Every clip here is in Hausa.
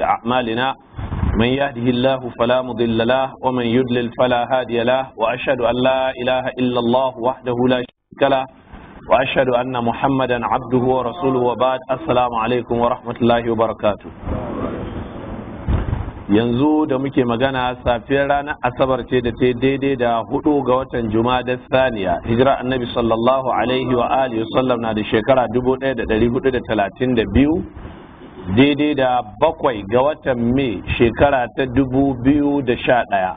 أعمالنا من يهده الله فلا مضل له ومن يضلل فلا هادي له وأشهد أن لا إله إلا الله وحده لا شريك له وأشهد أن محمدا عبده ورسوله وبعد السلام عليكم ورحمة الله وبركاته yanzu da muke magana safiyar ranar asabar ce da ta daidai da hudu ga watan juma'a saniya hijira annabi sallallahu alaihi wa alihi wasallam na da shekara 1432 daidai da bakwai ga watan mai shekara ta dubu biyu da sha ɗaya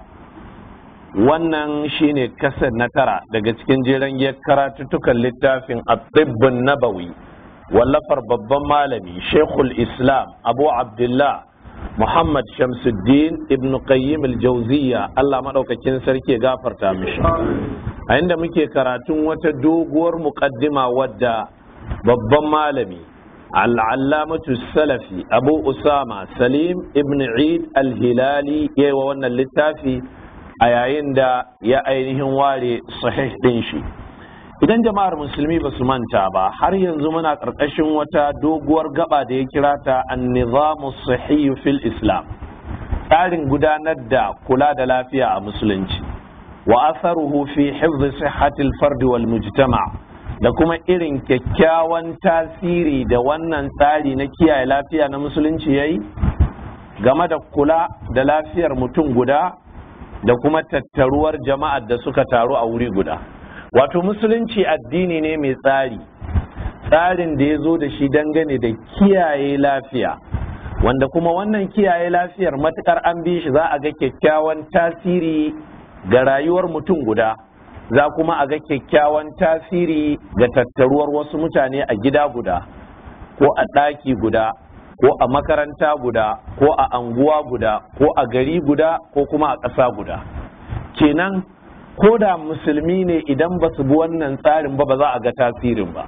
wannan shine kasar na tara daga cikin jeren karatuttukan littafin atibbin nabawi wallafar babban malami shekul islam abu abdullah muhammad shamsuddin ibn qayyim al allah maɗaukakin sarki gafarta mishi a inda muke karatun wata doguwar muƙaddima wadda babban malami al'allamatu salafi abu usama salim ibn eid al-hilali ya wannan littafi a yayin da ya ainihin ware sahih din shi idan jama'ar musulmi ba su manta ba har yanzu muna ƙarƙashin wata doguwar gaba da ya kira ta an sahihu fil islam tsarin gudanar da kula da lafiya a musulunci wa asaruhu fi hifz sihhatil fardi wal mujtama' da kuma irin kyakkyawan tasiri da wannan tsari na kiyaye lafiya na musulunci ya yi game da kula da lafiyar mutum guda da kuma tattaruwar jama'ar da suka taru a wuri guda wato musulunci addini ne mai tsari tsarin da ya zo da shi dangane da kiyaye lafiya wanda kuma wannan kiyaye lafiyar matukar an bi shi za a ga kyakkyawan tasiri ga rayuwar mutum guda za kuma a ga kyakkyawan tasiri ga tattaruwar wasu mutane a gida guda ko a ɗaki guda ko a makaranta guda ko a anguwa guda ko a gari guda ko kuma a ƙasa guda kenan ko da musulmi ne idan ba su bi wannan tsarin ba ba za a ga tasirin ba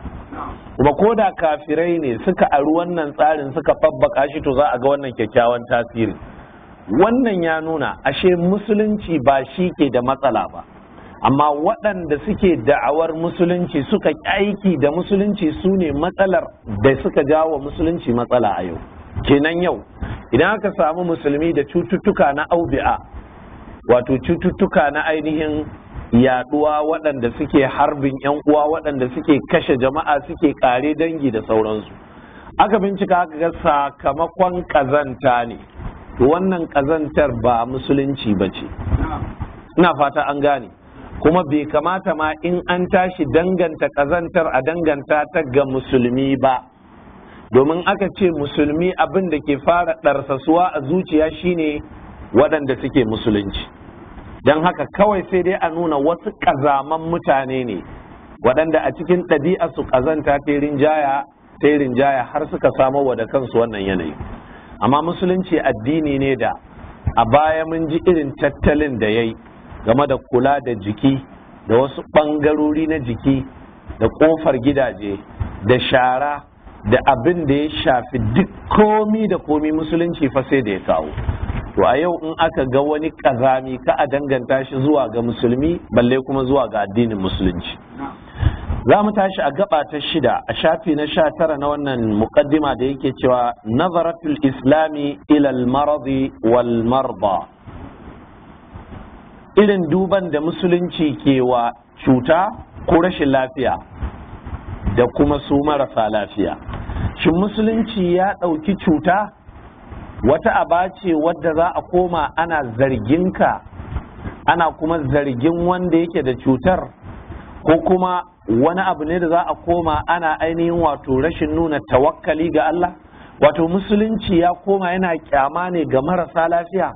kuma ko da kafirai ne suka ari wannan tsarin suka fabbaka shi to za a ga wannan kyakkyawan tasiri wannan ya nuna ashe musulunci ba shi ke da matsala ba amma waɗanda suke da'awar musulunci suka aiki da musulunci su ne matsalar da suka jawo musulunci matsala a yau kenan yau idan aka samu musulmi da cututtuka na aubi'a wato cututtuka na ainihin yaduwa waɗanda suke harbin 'yan uwa waɗanda suke kashe jama'a suke kare dangi da sauransu aka bincika aka ga sakamakon kazanta ne wannan kazantar ba musulunci ba ce ina fata an gane kuma bai kamata ma in an tashi danganta ƙazantar a danganta ta ga musulmi ba domin aka ce musulmi abin da ke fara ɗarsasuwa a zuciya shine waɗanda suke musulunci don haka kawai sai dai a nuna wasu ƙazaman mutane ne waɗanda a cikin ɗabi'a su ƙazanta ta rinjaya ta har suka samo wa da kansu wannan yanayi amma musulunci addini ne da a baya mun ji irin tattalin da ya yi game da kula da jiki da wasu ɓangarori na jiki da ƙofar gidaje da shara da abin da ya shafi duk komi da komi musulunci fa sai da ya kawo to a yau in aka ga wani ƙazami ka a danganta shi zuwa ga musulmi balle kuma zuwa ga addinin musulunci za mu tashi a gaba ta shida a shafi na sha tara na wannan muqaddima da yake cewa nazaratul islami ilal marazi wal marba irin duban da musulunci ke wa cuta ko rashin lafiya da kuma su marasa lafiya shin musulunci ya ɗauki cuta wata aba ce wadda za a koma ana ka, ana kuma zargin wanda yake da cutar ko kuma wani abu ne da za a koma ana ainihin wato rashin nuna tawakkali ga Allah wato musulunci ya koma yana kyama ne ga marasa lafiya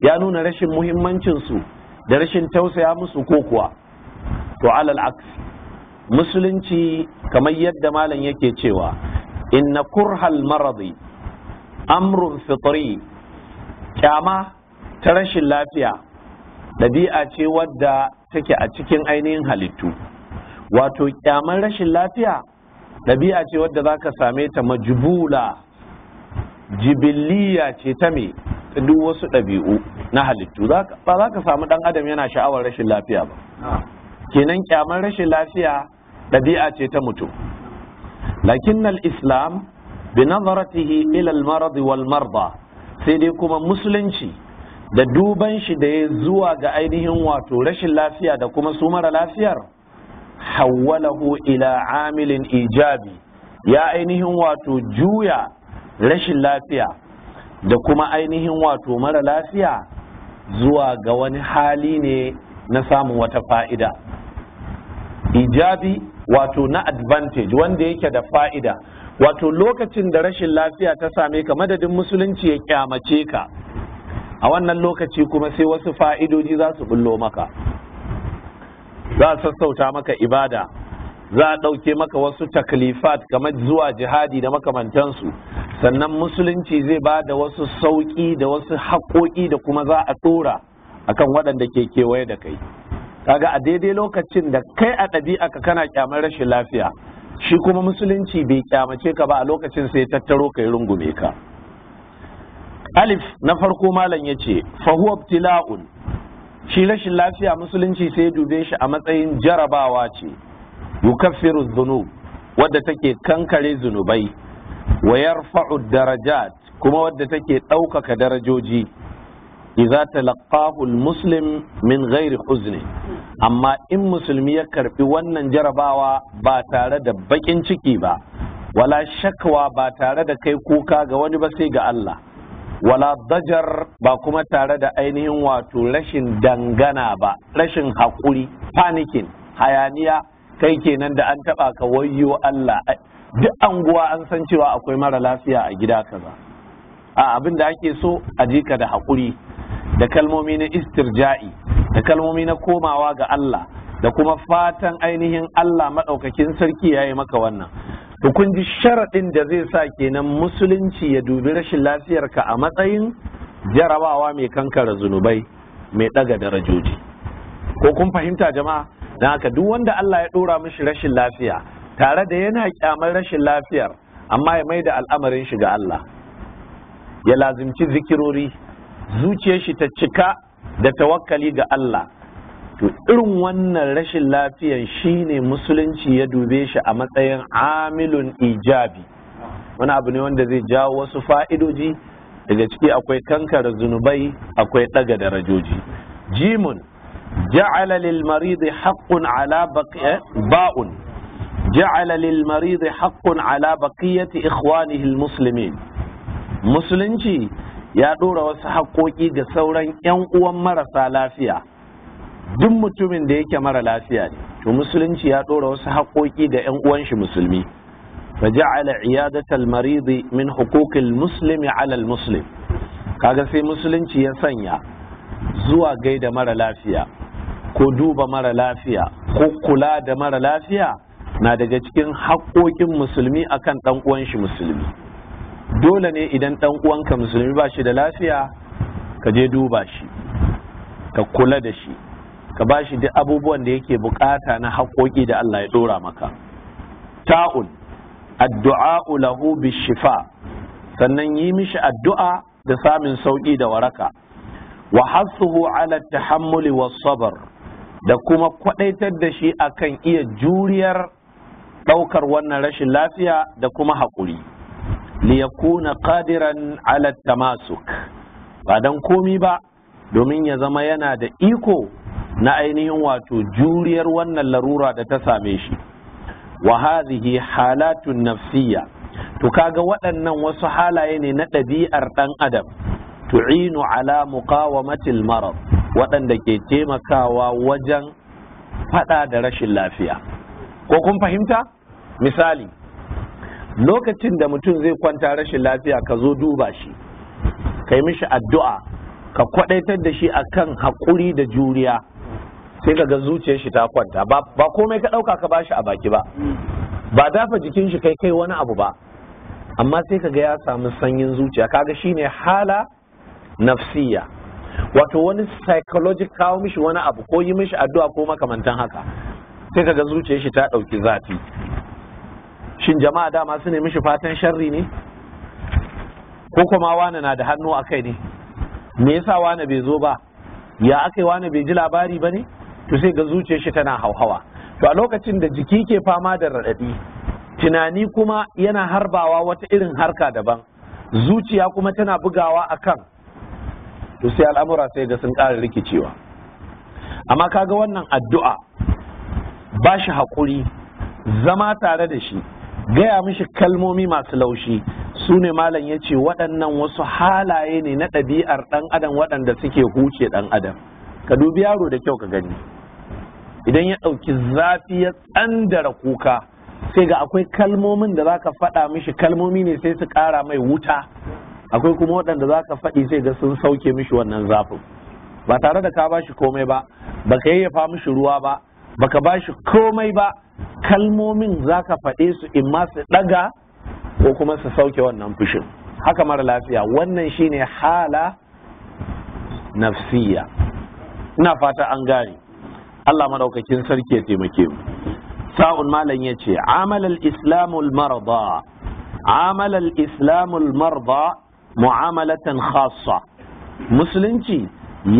ya nuna rashin muhimmancinsu da rashin tausaya musu ko kuwa to alal aks musulunci kamar yadda malam yake cewa inna kurhal maradi amrun fitri kyama ta rashin lafiya ɗabi'a ce wadda take a cikin ainihin halittu wato kyamar rashin lafiya ɗabi'a ce wadda za ka same ta majbula jibiliya ce ta me duk wasu ɗabi'u na halittu ba za ka samu ɗan adam yana sha'awar rashin lafiya ba ah. kenan kyamar rashin lafiya ɗabi'a ce ta mutum lakin islam bi nazaratihi ila al-marad wal marda sai dai kuma musulunci da duban shi da ya zuwa ga ainihin wato rashin lafiya da kuma su mara lafiyar hawwalahu ila amilin ijabi ya ainihin wato juya rashin lafiya da kuma ainihin wato mara lafiya zuwa ga wani hali ne na samun wata fa'ida ijabi wato na advantage wanda yake da fa'ida wato lokacin da rashin lafiya ta same ka madadin musulunci ya kyamace ka a wannan lokaci kuma sai wasu fa'idoji za su bullo maka za a sassauta maka ibada za a ɗauke maka wasu taklifat kamar zuwa jihadi da makamantansu sannan musulunci zai ba da wasu sauƙi da wasu haƙoƙi da kuma za a ɗora kan waɗanda ke kewaye da kai kaga a daidai lokacin da kai a ɗabi'a ka kana kyamar rashin lafiya shi kuma musulunci bai ƙyamace ka ba a lokacin sai tattaro ka yi rungume ka alif na farko malam ya ce fahuwa tila'un shi rashin lafiya musulunci sai dube shi a matsayin jarabawa ce yukaffiru dhunub wadda take kankare zunubai wa yarfa'u darajat kuma wadda take ɗaukaka darajoji idza talaqahu muslim min ghairi huzni amma in musulmi ya karbi wannan jarabawa ba tare da bakin ciki ba wala shakwa ba tare da kai kuka ga wani ba sai ga Allah wala dajar ba kuma tare da ainihin wato rashin dangana ba rashin haƙuri panikin hayaniya kai kenan da an taba ka wayyo Allah duk anguwa an san cewa akwai mara lafiya a gida kaza a abin da ake so a jika da hakuri, da kalmomi na istirja'i da kalmomi na komawa ga Allah da kuma fatan ainihin Allah maɗaukakin sarki ya yi maka wannan to kun ji sharaɗin da zai sa kenan musulunci ya dubi rashin lafiyarka a matsayin jarabawa mai kankara zunubai mai ɗaga darajoji ko kun fahimta jama'a don haka duk wanda Allah ya ɗora mishi rashin lafiya tare da yana kyamar rashin lafiyar amma ya mai da al'amarin shi ga Allah ya lazimci zikirori zuciyar shi ta cika da tawakkali ga Allah to irin wannan rashin lafiyar shine musulunci ya dube shi a matsayin amilun ijabi wani abu ne wanda zai jawo wasu fa'idoji daga ciki akwai kankara zunubai akwai ɗaga darajoji jimun ja'ala lil maridi haqqun ala ba'un ja'ala lil maridi haqqun ala baqiyati ikhwanihi al muslimin musulunci ya ɗora wasu haƙoƙi ga sauran 'yan uwan marasa lafiya duk mutumin da yake mara lafiya ne to musulunci ya ɗora wasu haƙoƙi ga 'yan uwan shi musulmi fa ja'ala iyadatal maridi min huquqil muslimi 'ala al muslim kaga sai musulunci ya sanya zuwa gaida mara lafiya ko duba mara lafiya ko kula da mara lafiya na daga cikin haƙoƙin musulmi akan ɗan uwan shi musulmi dole ne idan ɗan uwanka musulmi ba shi da lafiya ka je duba shi ka kula da shi ka ba shi duk abubuwan da yake bukata na haƙoƙi da Allah ya ɗora maka ta'ul addu'a lahu bishifa sannan yi mishi addu'a da samun sauƙi da waraka wa hassuhu ala tahammuli was sabar da kuma kwadaitar da shi akan iya juriyar daukar wannan rashin lafiya da kuma haƙuri liyakuna qadiran ala tamasuk ba dan komi ba domin ya zama yana da iko na ainihin wato juriyar wannan larura da ta same shi wa hadhihi halatun nafsiyya to kaga waɗannan wasu halaye ne na ɗabi'ar ɗan adam tu'inu ala muqawamatil marad waɗanda ke taimakawa wajen faɗa da rashin lafiya ko kun fahimta misali lokacin da mutum zai kwanta rashin lafiya ka zo duba shi kai mishi addu'a ka kwadaitar da shi akan haƙuri da juriya sai ka ga zuciyar shi ta kwanta ba komai ka ɗauka ka bashi a baki ba ba dafa jikin shi kai kai wani abu ba amma sai ka ga ya samu sanyin zuciya kaga shine hala nafsiya wato wani psychological kawo mishi wani abu ko yi mishi addu'a ko makamantan haka sai kaga zuciyar shi ta ɗauki zafi shin jama'a dama su ne mishi fatan sharri ne ko kuma wani na da hannu a kai ne me yasa wani bai zo ba ya aka wani bai ji labari ba ne to sai ga zuciyar shi tana hauhawa to a lokacin da jiki ke fama da raɗaɗi tunani kuma yana harbawa wata irin harka daban zuciya kuma tana bugawa akan to sai al'amura sai ga sun ƙara rikicewa amma kaga wannan addu'a ba shi haƙuri zama tare da shi gaya mishi kalmomi masu laushi su ne malam ya ce waɗannan wasu halaye ne na ɗabi'ar ɗan adam waɗanda suke huce ɗan adam ka dubi yaro da kyau ka gani idan ya ɗauki zafi ya tsandara kuka sai ga akwai kalmomin da za ka faɗa mishi kalmomi ne sai su ƙara mai wuta akwai kuma waɗanda za ka faɗi sai ga sun sauke mishi wannan zafin ba tare da ka ba shi komai ba baka yayyafa mishi ruwa ba baka ba shi komai ba kalmomin za ka faɗe su in ma su ɗaga ko kuma su sauke wannan fushin haka mara lafiya wannan shine hala nafsiya ina fata an gane Allah madaukakin sarki ya taimake mu sa'un malam yace amalal islamul marda amalal islamul marda mu'amalatan khassa musulunci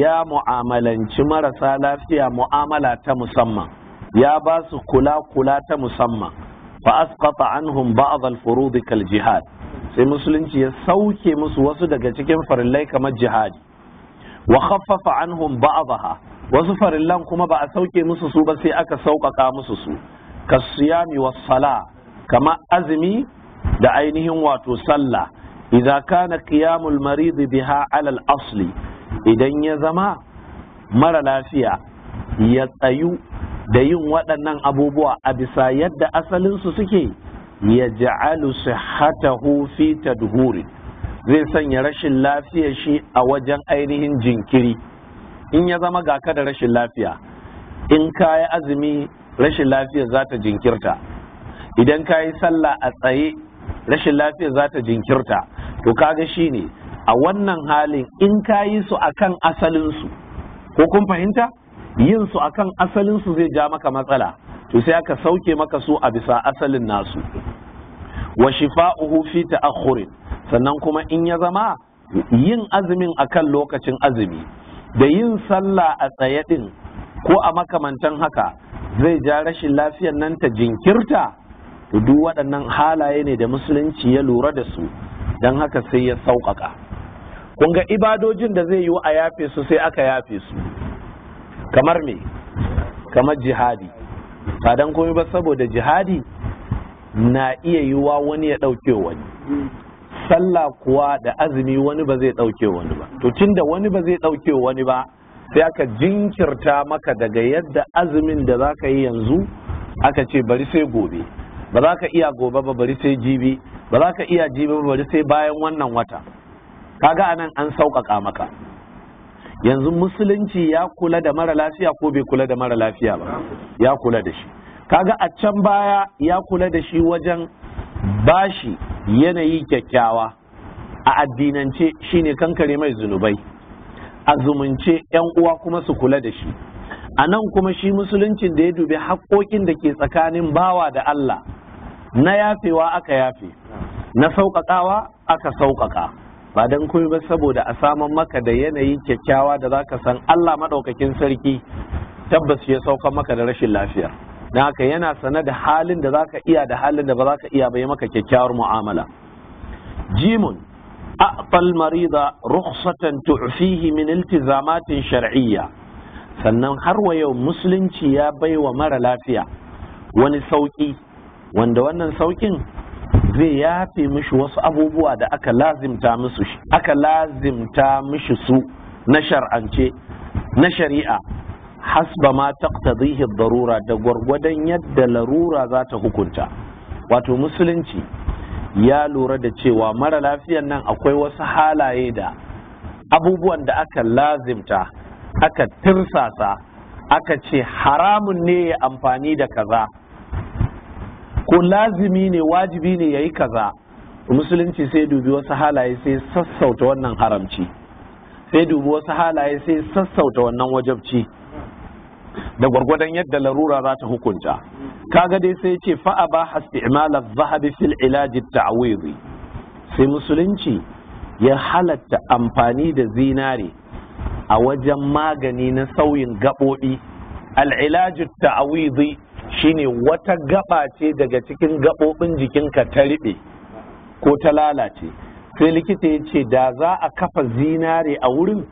ya mu'amalanci marasa lafiya mu'amala ta musamman ya ba su kula kula ta musamman fa asqata anhum ba'd al kal jihad sai musulunci ya sauke musu wasu daga cikin farillai kamar jihadi wa khaffafa anhum ba'daha wasu farillan kuma ba a sauke musu su ba sai aka sauƙaƙa musu su kasiyami was sala kamar azumi da ainihin wato sallah idza kana qiyamul biha alal asli idan ya zama mara lafiya ya tsayu da yin waɗannan abubuwa a bisa yadda asalinsu suke ya ja'alu sihhatahu fi tadhuri zai sanya rashin lafiya shi a wajen ainihin jinkiri in ya zama ga ka da rashin lafiya in ka yi azumi rashin lafiya za ta jinkirta idan ka yi sallah a tsaye rashin lafiyar za ta jinkirta to kaga shi ne a wannan halin in ka yi su akan asalinsu ko kun fahimta yin su akan asalinsu zai ja maka matsala to sai aka sauke maka su a bisa asalin nasu wa shifa'uhu fi ta'akhurin sannan kuma in ya zama yin azumin a kan lokacin azumi da yin sallah a tsaye ko a makamantan haka zai ja rashin lafiyar nan ta jinkirta to duk waɗannan halaye ne da musulunci ya lura da su don haka sai ya sauƙaƙa kun ga ibadojin da zai yi a yafe su sai aka yafe su kamar me kamar jihadi ba don komai ba saboda jihadi na iya yiwa wani ya ɗauke wani sallah kuwa da azumi wani ba zai ɗauke wani ba to da wani ba zai ɗauke wani ba sai aka jinkirta maka daga yadda azumin da za ka yi yanzu aka ce bari sai gobe ba za ka iya gobe ba bari sai jibi ba za ka iya jibi ba bari sai bayan wannan wata kaga anan an sauƙaƙa maka yanzu musulunci ya kula da mara lafiya ko bai kula da mara lafiya ba ya kula da shi kaga a can baya ya kula da shi wajen bashi yanayi kyakkyawa a addinance shine kankare mai zunubai a zumunce yan uwa kuma su kula da shi a nan kuma shi musuluncin da ya dubi haƙoƙin da ke tsakanin bawa da Allah na yafewa aka yafe na sauƙaƙawa aka sauƙaƙa ba don kuma ba saboda a saman maka da yanayi kyakkyawa da za ka san Allah maɗaukakin sarki tabbas ya sauka maka da rashin lafiya na haka yana sane da halin da za ka iya da halin da ba za ka iya ba ya maka kyakkyawar mu'amala jimun aqtal marida rukhsatan tu'fihi min iltizamatin shar'iyya sannan har wa yau musulunci ya baiwa mara lafiya wani sauƙi wanda wannan saukin zai yafe mishi wasu abubuwa da aka lazimta musu aka lazimta mishi su na shar'ance na shari'a hasba ma taqtadihi darura da gwargwadon yadda larura za ta hukunta wato musulunci ya lura da cewa mara lafiyan nan akwai wasu halaye da abubuwan da aka lazimta aka tirsasa aka ce haramun ne ya amfani da kaza ko lazimi ne wajibi ne ya yayi kaza musulunci sai dubi wasu halaye sai sassauta wannan haramci sai dubi wasu halaye sai sassauta wannan wajabci da gwargwadon yadda larura za ta hukunta kaga dai sai ce fa'a ba haske zahabi fil ilaji ta'widi sai musulunci ya halatta amfani da zinare a wajen magani na sauyin gaɓoɓi al-ilaji shine wata gaba ce daga cikin gaɓoɓin jikinka ta riɓe ko ta lalace sai likita ya ce da za a kafa zinare a wurin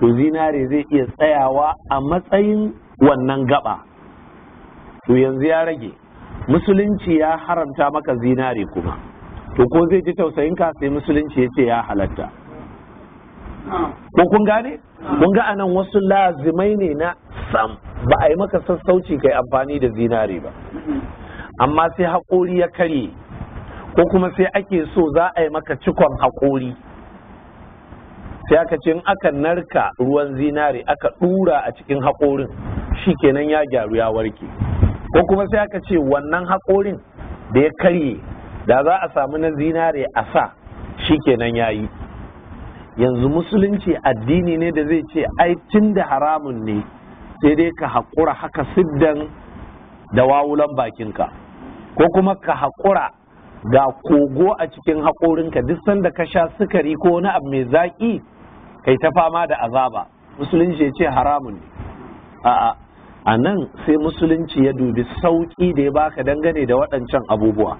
to zinare zai iya tsayawa a matsayin wannan gaba to yanzu ya rage musulunci ya haramta maka zinare kuma to ko zai ji tausayinka sai musulunci ya ce ya halatta ko kun gane kun ga anan wasu lazimai ne na sam ba a yi maka sassauci kai amfani da zinari ba amma sai haƙori ya karye ko kuma sai ake so za a yi maka cikon haƙori sai aka ce in aka narka ruwan zinari aka ɗura a cikin haƙorin shi kenan ya gyaru ya warke ko kuma sai aka ce wannan haƙorin da ya karye da za a samu na zinare a sa shi kenan ya yi yanzu musulunci addini ne da zai ce ai tun da haramun ne sai dai ka haƙura haka siddan da wawulan bakinka ko kuma ka haƙura ga kogo a cikin haƙorinka duk sanda ka sha sukari ko wani abu mai zaƙi kai ta fama da azaba musulunci ya ce haramun ne a'a a nan sai musulunci ya dubi sauƙi da ya baka dangane da waɗancan abubuwa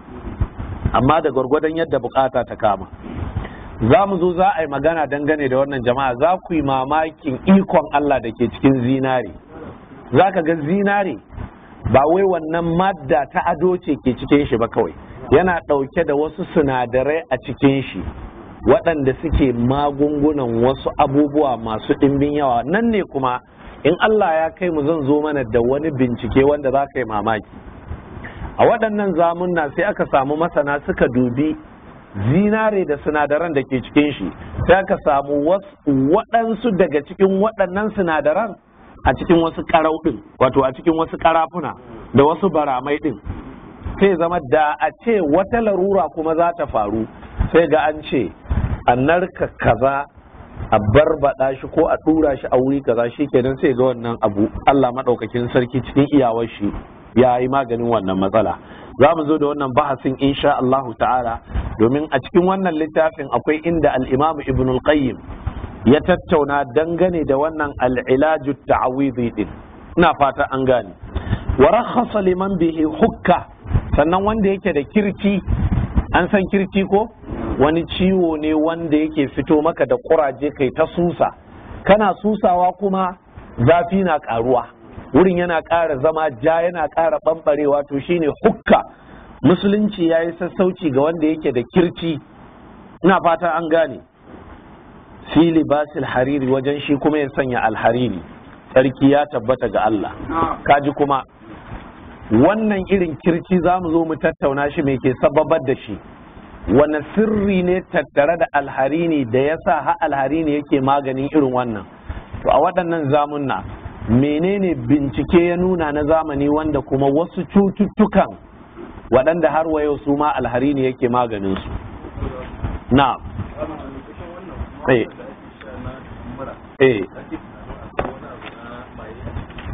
amma da gwargwadon yadda bukata ta kama za mu zo za a yi magana dangane da wannan jama'a za ku yi mamakin ikon Allah da ke cikin zinari za ka ga zinare ba wai wannan madda ta ado ce ke cikin shi ba kawai yana ɗauke da wasu sinadarai a cikin shi waɗanda suke magungunan wasu abubuwa masu ɗimbin yawa nan ne kuma in Allah ya kai mu zan zo mana da wani bincike wanda za ka yi mamaki a waɗannan zamunna sai aka samu masana suka dubi zinare da sinadaran da ke cikin shi sai aka samu waɗansu daga cikin waɗannan sinadaran a cikin wasu karau din wato a cikin wasu karafuna da wasu baramai din sai zama da a ce wata larura kuma za ta faru sai ga an ce a narka kaza a baɗa shi ko a ɗura shi a wuri kaza shi ke nan sai ga wannan abu Allah maɗaukakin sarki cikin iyawar shi ya yi maganin wannan matsala za mu zo da wannan bahasin insha Allahu ta'ala domin a cikin wannan littafin akwai inda al-Imam Ibn qayyim ya tattauna dangane da wannan al'ilaju ta'awidi din ina fata an gane wa liman bihi hukka sannan wanda yake da kirci an san kirci ko wani ciwo ne wanda yake fito maka da kuraje kai ta susa kana susawa kuma zafi na karuwa wurin yana ƙara zama ja yana ƙara ɓamɓarewa to shine hukka musulunci ya yi sassauci ga wanda yake da kirci ina fata an gane fi libasil hariri wajen shi kuma ya sanya alhariri tsarki ya tabbata ga Allah kaji kuma wannan irin kirci za mu zo mu tattauna shi mai ke sababar da shi wani sirri ne tattare da alharini da ya sa ha alharini yake maganin irin wannan to a waɗannan zamunna menene bincike ya nuna na zamani wanda kuma wasu cututtukan waɗanda har wayo su ma alharini yake maganinsu na Eh. Eh.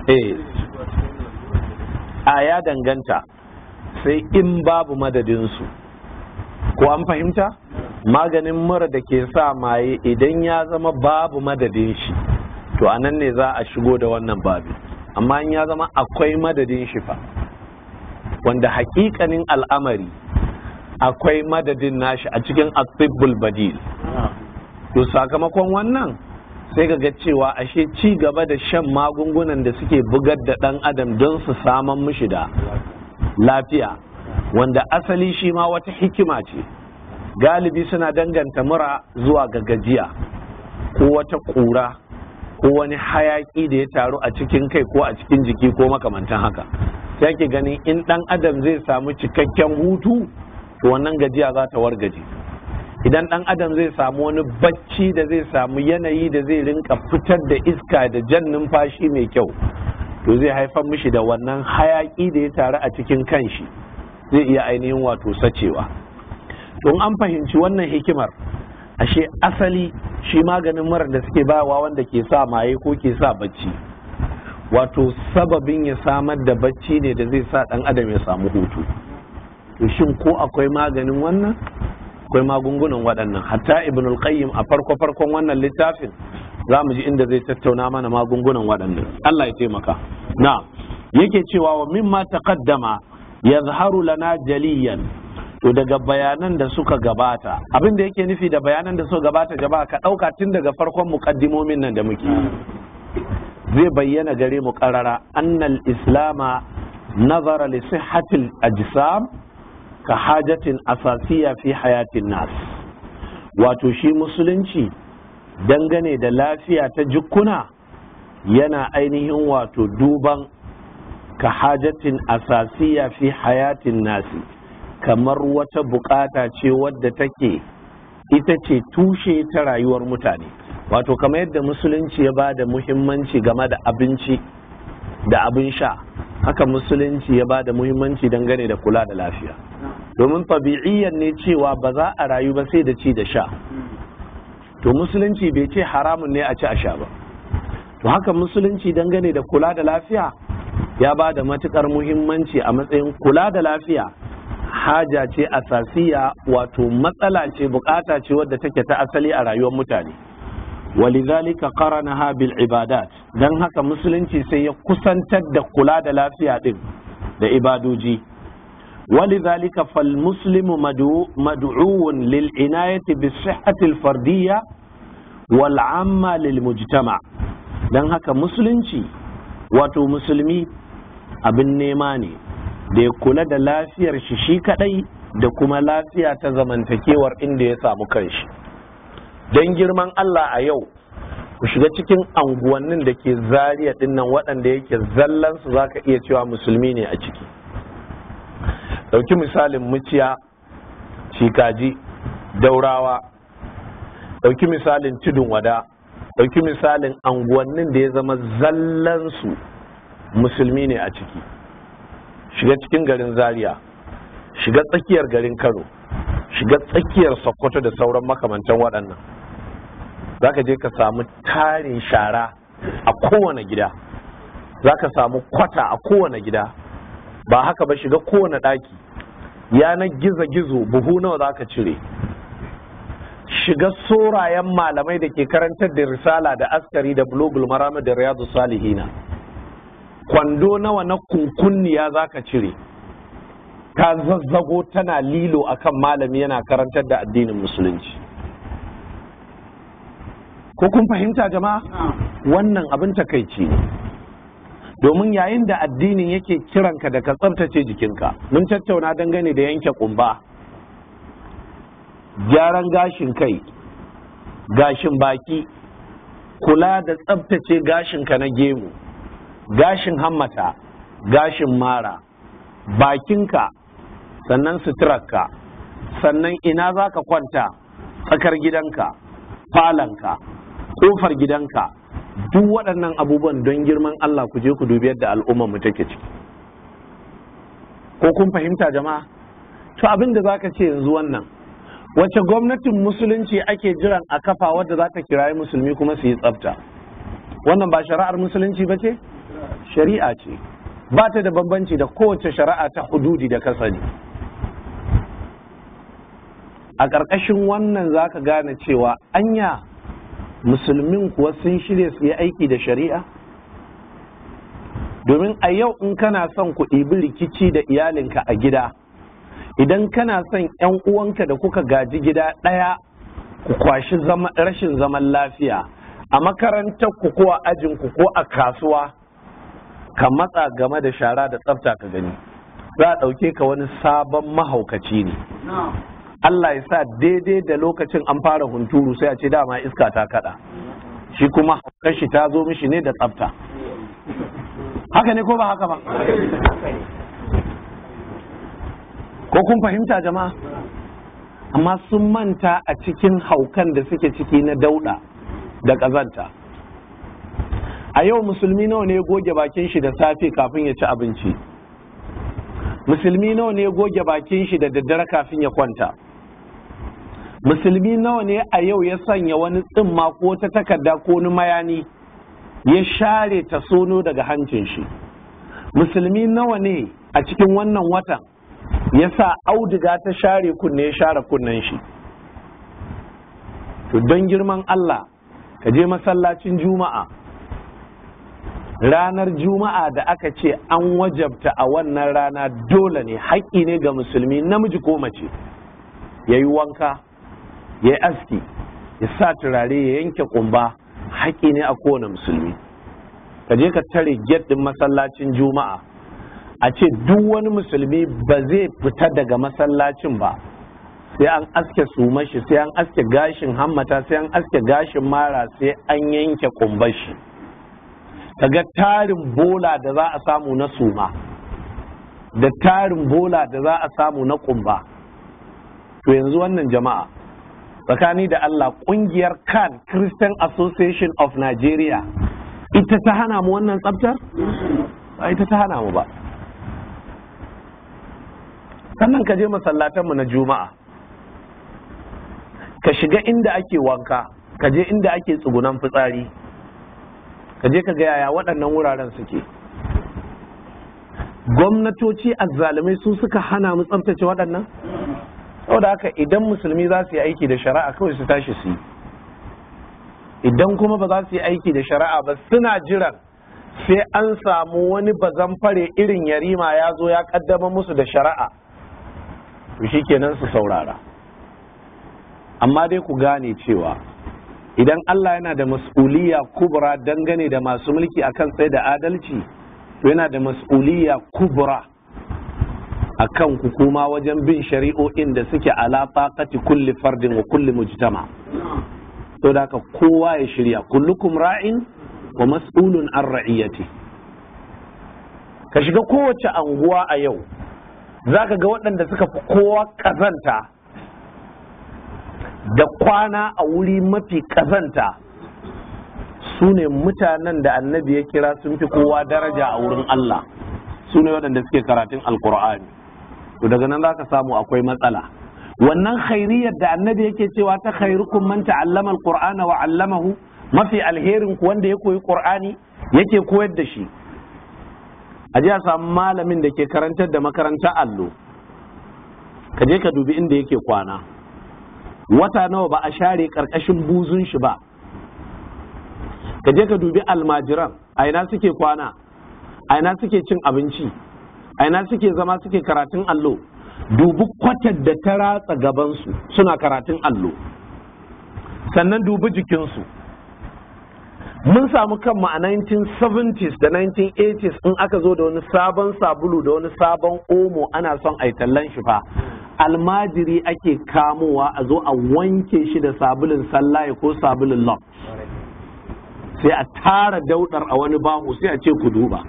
Eh. a ya danganta sai in babu madadinsu ko an fahimta maganin mura da ke sa maye idan ya zama babu madadin shi to a nan ne za a shigo da wannan babu amma in ya zama akwai madadin shi fa wanda hakikanin al'amari akwai madadin nashi a cikin asibul badil to sakamakon wannan sai ga cewa ashe ci gaba da shan magungunan da suke bugar da ɗan adam don su saman mishi da lafiya wanda asali shi ma wata hikima ce galibi suna danganta mura zuwa ga gajiya ko wata ƙura ko wani hayaƙi da ya taru a cikin kai ko a cikin jiki ko makamantan haka sai ganin in ɗan adam zai samu cikakken hutu to wannan gajiya za ta wargaje. idan dan adam zai samu wani bacci da zai samu yanayi da zai rinka fitar da iska da jan numfashi mai kyau to zai haifar mishi da wannan hayaki da ya tare a cikin kanshi zai iya ainihin wato sacewa don an fahimci wannan hikimar ashe asali shi maganin mara da suke bawa wanda ke sa maye ko ke sa bacci wato sababin ya samar da bacci ne da zai sa dan adam ya samu hutu to shin ko akwai maganin wannan akwai magungunan waɗannan hatta ibn qayyim a farko farkon wannan littafin za mu ji inda zai tattauna mana magungunan waɗannan Allah ya taimaka na yake cewa wa mimma taqaddama yazharu lana jaliyan to daga bayanan da suka gabata abin da yake nufi da bayanan da suka gabata jama'a ka ɗauka tun daga farkon muƙaddimomin nan da muke zai bayyana gare mu ƙarara annal islama nazara li sihhatil ajsam ka hajatin asasiya fi hayatin nas wato shi musulunci dangane da lafiya ta jikuna yana ainihin wato duban ka hajatin asasiya fi hayatin nasi kamar wata bukata ce wadda take ita ce tushe ta rayuwar mutane wato kamar yadda musulunci ya ba da muhimmanci game da abinci da abin sha haka musulunci ya ba da muhimmanci dangane da kula da lafiya domin tabi'iyyan ne cewa ba za a rayu ba sai da ci da sha to musulunci bai ce haramun ne a ci a sha ba to haka musulunci dangane da kula da lafiya ya ba da matukar muhimmanci a matsayin kula da lafiya haja ce asasiya wato matsala ce bukata ce wadda take ta asali a rayuwar mutane walizalika ha bil ibadat Don haka musulunci sai ya kusantar da kula da lafiya din da ibadoji ولذلك فالمسلم مدعو للعناية بالصحة الفردية والعامة للمجتمع دان هكا مسلمشي واتو مسلمي abin nema ne da ya kula da lafiyar shi shi kaɗai da kuma lafiya ta zamantakewar inda ya samu kanshi don girman Allah a yau ku shiga cikin anguwannin da ke zariya dinnan waɗanda yake zallansu za ka iya cewa musulmi ne a ciki Dauki misalin muciya shikaji daurawa ɗauki misalin tudun wada ɗauki misalin anguwannin da ya zama zallansu musulmi ne a ciki shiga cikin garin Zariya, shiga tsakiyar garin kano shiga tsakiyar sokoto da sauran makamantan waɗannan za ka je ka samu tarin shara a kowane gida za ka samu kwata a kowane gida ba haka ba shiga kowane ɗaki yanar gizo-gizo buhu nawa za ka cire shiga sorayen malamai da ke karantar da risala da askari da blogul marami da riyadu salihina kwando nawa na kunkunniya za ka cire ka zazzago tana lilo akan malami yana karantar da addinin musulunci ko kun fahimta jama'a wannan abin takaici ne domin yayin da addinin yake kiranka da ka tsabtace jikinka mun tattauna dangane da yanke kumba gyaran gashin kai gashin baki kula da tsabtace gashinka na gemu gashin hammata gashin mara bakinka sannan suturarka sannan ina za ka kwanta tsakar gidanka falanka kofar gidanka duk waɗannan abubuwan don girman Allah ku je ku dubi yadda al'umma mu take ciki ko kun fahimta jama'a to abin da zaka ce yanzu wannan wacce gwamnatin musulunci ake jiran a kafa wadda za ta kirayi musulmi kuma su yi tsafta wannan ba shari'ar musulunci ba ce shari'a ce ba ta da bambanci da kowace shari'a ta hududi da kasani. a ƙarƙashin wannan za ka gane cewa anya musulmin kuwa sun shirya su yi aiki da shari'a domin a yau in kana son ku ɗibi rikici da iyalinka a gida idan kana son 'yan uwanka da kuka gaji gida ɗaya ku kwashi rashin zaman lafiya a makarantar ku ko a ajin ko a kasuwa ka matsa game da shara da tsafta ka gani za a ɗauke ka wani sabon mahaukaci ne Allah ya sa daidai da lokacin an fara hunturu sai a ce dama iska ta kada shi kuma haukar shi ta zo mishi ne da tsafta haka ne ko ba haka ba ko kun fahimta jama'a amma sun manta a cikin haukan da suke ciki na dauɗa da ƙazanta a yau musulmi nawa ne goge bakin shi da safe kafin ya ci abinci musulmi nawa ne goge bakin shi da daddare kafin ya kwanta musulmi nawa ne a yau ya sanya wani tsimma ko ta takarda ko wani mayani ya share ta sono daga hancin shi musulmi nawa ne a cikin wannan watan ya sa auduga ta share kunne ya share kunnen shi to don girman Allah ka je masallacin juma'a ranar juma'a da aka ce an wajabta a wannan rana dole ne haƙƙi ne ga musulmi namiji ko mace ya yi wanka ya yi aski ya sa turare ya yanke kumba haƙi ne a kowane musulmi ka je ka tare get din masallacin juma'a a ce duk wani musulmi ba zai fita daga masallacin ba sai an aske sumashi sai an aske gashin hammata sai an aske gashin mara sai an yanke kumbashi ga tarin bola da za a samu na suma da tarin bola da za a samu na kumba to yanzu wannan jama'a tsakani da Allah kungiyar Khan Christian Association of Nigeria ita ta hana mu wannan tsabtar? ita ta hana mu ba sannan ka je masallatanmu na juma'a ka shiga inda ake wanka ka je inda ake tsugunan fitsari ka je ka gaya waɗannan wuraren suke gwamnatoci azzalumai su suka hana mu tsabtace waɗannan saboda haka idan musulmi za su yi aiki da shari'a kawai su tashi su yi idan kuma ba za su yi aiki da shari'a ba suna jiran sai an samu wani bazan fare irin yarima ya zo ya kaddama musu da shari'a to kenan su saurara amma dai ku gane cewa idan Allah yana da mas'uliyya kubra dangane da masu mulki akan tsaye da adalci to yana da mas'uliyya kubra a kan hukuma wajen bin shari'o'in da suke ala kati kulli fardin wa kulli mujtama to da kowa ya shirya kullukum ra'in wa mas'ulun an ra'iyati ka shiga kowace anguwa a yau za ka ga waɗanda suka fi kowa kazanta da kwana a wuri mafi ƙazanta su ne mutanen da annabi ya kira sun fi kowa daraja a wurin Allah su ne waɗanda suke karatun alkur'ani to daga nan za ka samu akwai matsala wannan khairiyar da annabi yake cewa ta khairukum man ta'allama alqur'ana wa 'allamahu mafi alherin ku wanda ya koyi qur'ani yake koyar da shi a ji a samu malamin da ke karantar da makarantar allo ka je ka dubi inda yake kwana wata nawa ba a share karkashin buzun shi ba ka je ka dubi almajiran a ina suke kwana a ina suke cin abinci aina suke zama suke karatun allo Dubu kwatar da ta ratsa gabansu suna karatun allo sannan dubu jikinsu mun samu kanmu a 1970s da 1980s in aka zo da wani sabon sabulu da wani sabon omo ana son a yi tallan shi fa almajiri ake kamowa a zo a wanke shi da sabulun sallaye ko sabulun lock sai a tara daudar a wani bahu sai a ce ku duba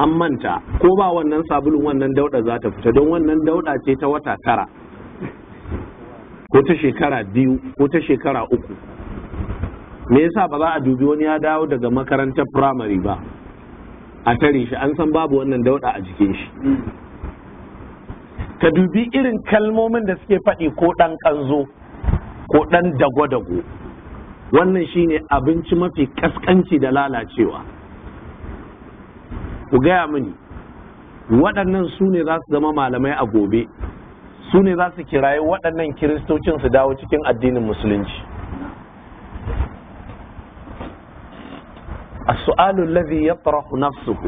an manta ko ba wannan sabulun wannan dauda za ta fita don wannan dauda ce ta wata tara ko ta shekara biyu ko ta shekara uku me yasa ba za a dubi wani ya dawo daga makarantar firamare ba a tare shi an san babu wannan dauda a jikin shi ka dubi irin kalmomin da suke faɗi ko ɗan ƙanzo ko ɗan dago-dago wannan shine abinci mafi kaskanci da lalacewa ku gaya mini waɗannan su ne za su zama malamai a gobe su ne za su kiraye waɗannan kiristocin su dawo cikin addinin musulunci A السؤال الذي يطرح نفسه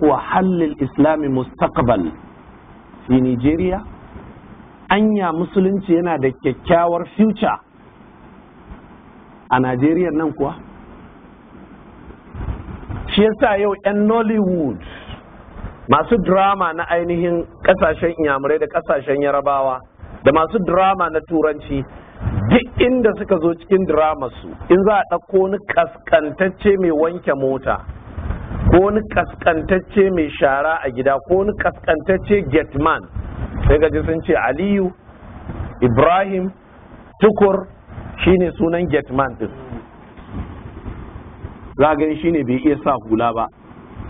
wa حل islami mustaqbal fi nigeria anya musulunci yana da kyakkyawar future a Najeriya nan kuwa? shi yasa yau 'yan nollywood masu drama na ainihin kasashen inyamurai da kasashen yarabawa da masu drama na turanci duk inda suka zo cikin drama su in za a ɗauko wani kaskantacce mai wanke mota ko wani kaskantacce mai shara a gida ko wani kaskantacce getman sai gaji sun ce aliyu ibrahim tukur shine sunan getman din za gani shine bai iya sa hula ba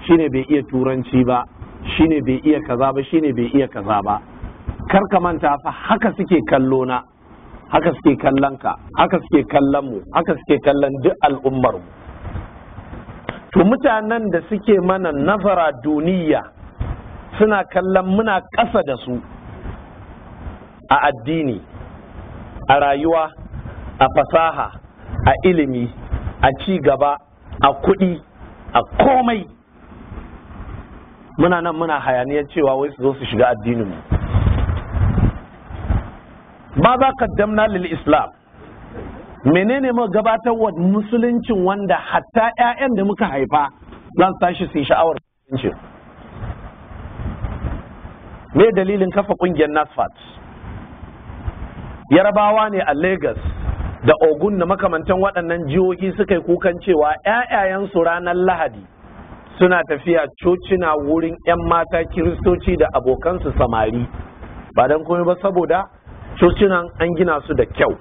shine bai iya turanci ba shine bai iya kaza ba shine bai iya kaza ba kar ka manta fa haka suke kallo na haka suke kallon ka haka suke kallon mu haka suke kallon duk al'ummar mu to mutanen da suke mana nazara duniya suna kallon muna ƙasa da su a addini a rayuwa a fasaha a ilimi a ci gaba a kuɗi a komai muna nan muna hayaniyar cewa wai su zo su shiga addinin mu ba za ka damna lil islam menene mu gabatar wa musuluncin wanda hatta 'ya'yan da muka haifa zan tashi su sha'awar musulunci me dalilin kafa kungiyar nasfat yarabawa ne a lagos da ogun da makamantan waɗannan jihohi suka yi kukan cewa 'ya'yayensu ranar lahadi suna tafiya cocina wurin 'yan mata kiristoci da abokansu samari ba don komai ba saboda cocinan an gina su da kyau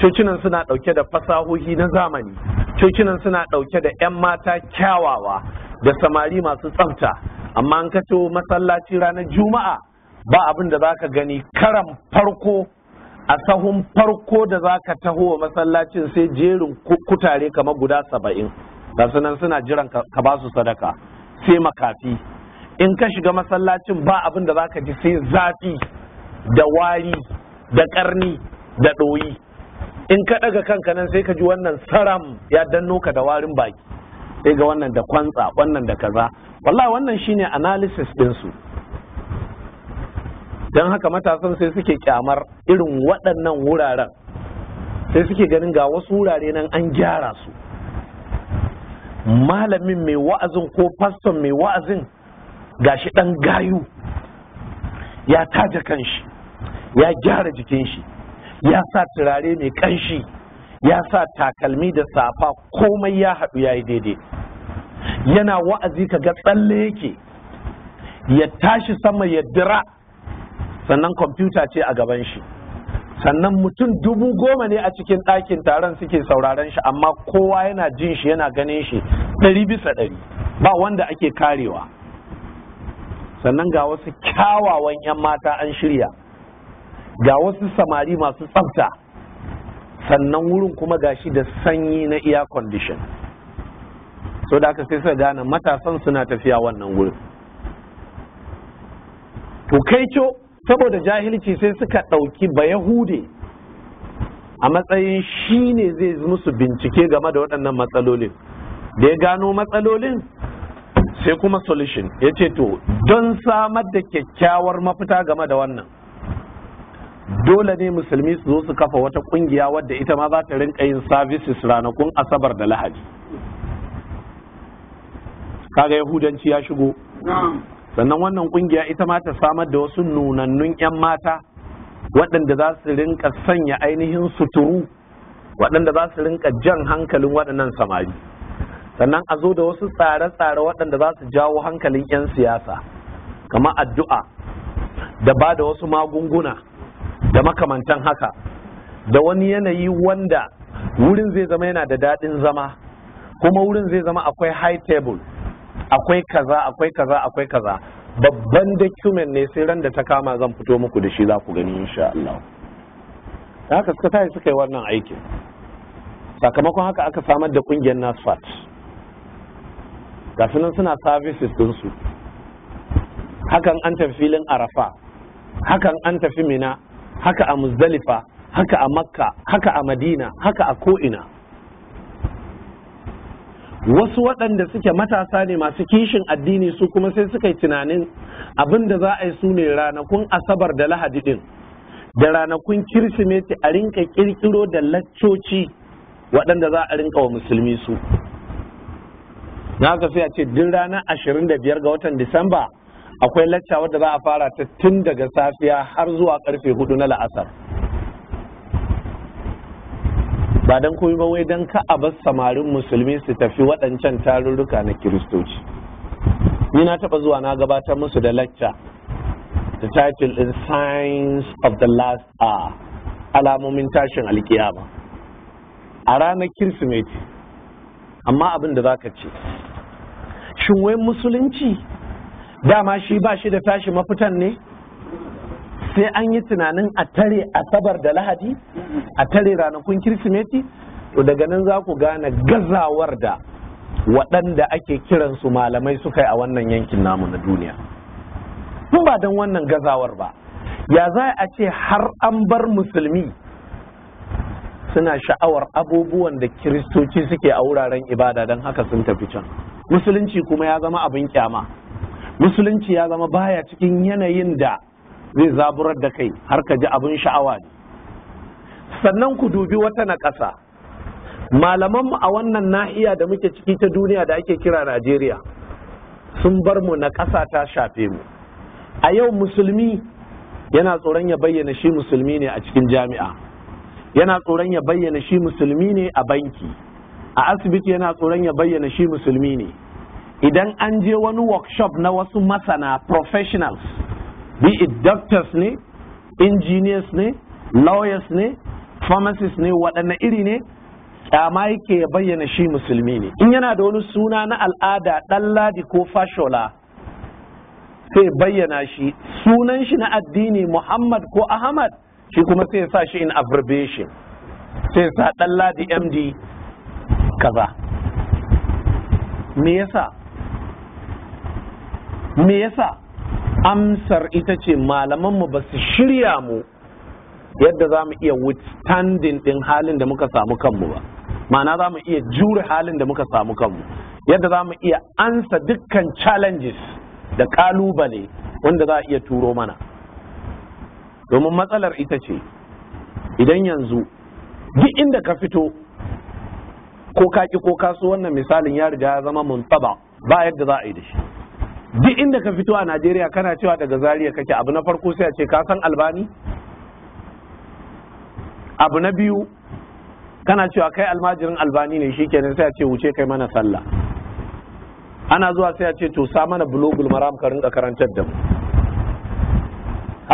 cocinan suna ɗauke da fasahohi na zamani cocinan suna ɗauke da 'yan mata kyawawa da samari masu tsafta amma an kato masallaci ranar juma'a ba abin da za ka gani karan farko a sahun farko da za ka taho wa masallacin sai jerin kutare kamar guda saba'in ga sunan suna jiran ka ba su sadaka sai makafi in ka shiga masallacin ba abin da za ka ji sai zafi da wari da karni da ɗoyi in ka ɗaga kanka nan sai ka ji wannan saram ya danno ka da warin baki sai ga wannan da kwantsa wannan da kaza wallahi wannan shine analysis ɗinsu don haka matasan sai suke kyamar irin waɗannan wuraren sai suke ganin ga wasu wurare nan an gyara su malamin mai wa'azin ko faston mai wa'azin ga shi ɗan gayu ya taja kanshi ya gyara jikin shi ya sa turare mai kanshi ya sa takalmi da safa komai ya haɗu ya yi daidai yana wa'azi kaga tsalle yake ya tashi sama ya dira sannan kwamfuta ce a gaban shi sannan mutum dubu goma ne a cikin ɗakin taron suke sauraron shi amma kowa yana jin shi yana ganin shi ɗari bisa ɗari ba wanda ake karewa sannan ga wasu kyawawan 'yan mata an shirya ga wasu samari masu tsafta sannan wurin kuma gashi da sanyi na air condition so da aka sai suka gane matasan suna tafiya wannan wurin to kai saboda jahilci sai suka ɗauki ba bayahude a matsayin shi ne zai musu bincike game da waɗannan matsalolin da ya gano matsalolin sai kuma solution ya ce to don samar da kyakkyawar mafita game da wannan dole ne musulmi su zo su kafa wata ƙungiya wadda ita ma za ta rinka yin services ranakun asabar da lahadi kaga yahudanci ya shigo sannan wannan kungiya ita ma ta samar da wasu nunannun 'yan mata waɗanda za su rinka sanya ainihin suturu waɗanda za su rinka jan hankalin waɗannan samari sannan a zo da wasu tsare-tsare waɗanda za su jawo hankalin 'yan siyasa kama addu'a da ba da wasu magunguna da makamantan haka da wani yanayi wanda wurin zai zama yana da daɗin zama kuma wurin zai zama akwai high table akwai kaza akwai kaza akwai kaza babban document ne sai ran da ta kama zan fito muku da shi za ku gani insha Allah haka suka tashi suka yi wannan aikin sakamakon haka aka samar da kungiyar nasfat gasunan suna services su hakan an tafi filin arafa hakan an tafi mina haka a muzdalifa haka a makka haka a madina haka a ko'ina wasu waɗanda suke matasa ne masu kishin addini su kuma sai suka yi tunanin abin da za a yi su ne ranakun asabar da lahadi ɗin da ranakun kirsimeti a rinka ƙirƙiro da laccoci waɗanda za a rinka wa musulmi su na ga sai a ce duk ranar ashirin da biyar ga watan disamba akwai lacca wadda za a fara ta tun daga safiya har zuwa karfe hudu na la'asar ba don koyi ba wai dan ka a bar samarin musulmi su tafi waɗancan tarurruka na kiristoci ni na taɓa zuwa na gabatar musu da lacca the title is signs of the last hour alamomin tashin alkiyama a ranar kirsimeti amma abin da zaka ce shin wai musulunci dama shi ba shi da tashi mafitan ne sai an yi tunanin a tare asabar da lahadi a tare ranakun kirsimeti to daga nan za ku gane gazawar da waɗanda ake kiransu malamai suka yi a wannan yankin namu na duniya in ba don wannan gazawar ba ya za a ce har an bar musulmi suna sha'awar abubuwan da kiristoci suke a wuraren ibada don haka sun tafi can musulunci kuma ya zama abin kyama musulunci ya zama baya cikin yanayin da zai zaburar da kai har ka ji abin sha'awa ne sannan ku dubi wata na ƙasa malamanmu a wannan nahiya da muke ciki ta duniya da ake kira najeriya sun bar mu na ƙasa ta shafe mu a yau musulmi yana tsoron ya bayyana shi musulmi ne a cikin jami'a yana tsoron ya bayyana shi musulmi ne a banki a asibiti yana tsoron ya bayyana shi musulmi ne idan an je wani workshop na wasu masana professionals it doctors ne engineers ne lawyers ne pharmacists ne waɗanne iri ne Yama yake ya bayyana shi musulmi ne in yana da wani suna na al'ada ɗan ladi ko fashola sai bayyana shi sunan shi na addini muhammad ko ahmad shi kuma sai sa shi in abbreviation sai sa ɗan ladi md kaza me yasa me yasa amsar ita ce malamanmu ba su shirya mu yadda za mu iya withstanding din halin da muka samu kanmu ba ma'ana za mu iya jure halin da muka samu kanmu yadda za mu iya ansa dukkan challenges da kalubale wanda za a iya turo mana domin matsalar ita ce idan yanzu duk inda ka fito ko kaki ko kaso wannan misalin ya riga ya zama muntaba ba yadda za a yi da shi duk inda ka fito a Najeriya kana cewa daga Zariya kake abu na farko sai a ce ka san albani abu na biyu kana cewa kai almajirin albani ne shikenan sai a ce wuce kai mana sallah ana zuwa sai a ce to sa mana bulogul maram ka rinka karantar da mu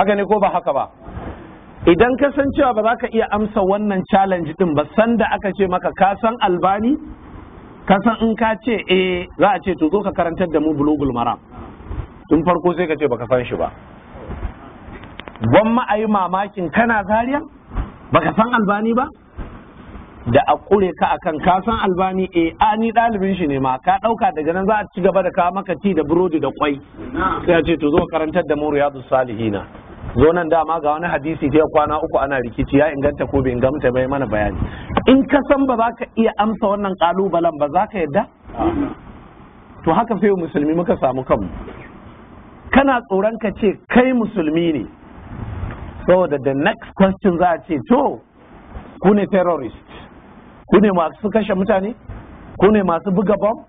haka ne ko ba haka ba idan ka san cewa ba za ka iya amsa wannan challenge din ba sanda aka ce maka ka san albani ka san in ka ce eh za a ce to zo ka karantar da mu bulogul maram tun farko sai ka ce baka san shi ba gwamma a yi mamakin kana zariya baka san albani ba da a kure ka akan ka san albani eh a ni ɗalibin shi ne ma ka ɗauka daga nan za a ci gaba da kawo maka ti da burodi da kwai sai a ce to zo karantar da mu salihi salihina zo nan dama ga wani hadisi ta kwana uku ana rikici ya inganta ko bai inganta bai mana bayani in ka san ba za ka iya amsa wannan kalubalen ba za ka yadda to haka sai musulmi muka samu kanmu kana tsoron ka ce kai musulmi ne saboda the next question za a ce to ku ne terrorist ku ne masu kashe mutane ku ne masu buga bom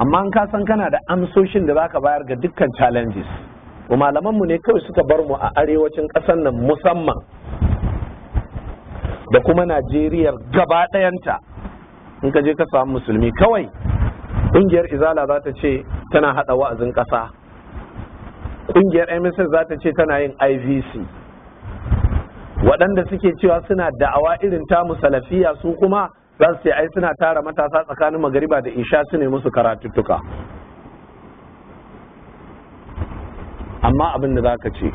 amma an ka san kana da amsoshin da zaka bayar ga dukkan challenges mu ne kawai suka bar mu a arewacin ƙasar nan musamman da kuma najeriya gaba ɗayanta in ka je ka samu musulmi kawai ƙungiyar izala za ta ce tana haɗa wa'azin ƙasa Kungiyar Emerson za ta ce tana yin IVC waɗanda suke cewa suna da'awa irin ta salafiya su kuma za su ce ai suna tara matasa tsakanin magariba da isha su ne musu karatuttuka amma abin da za ka ce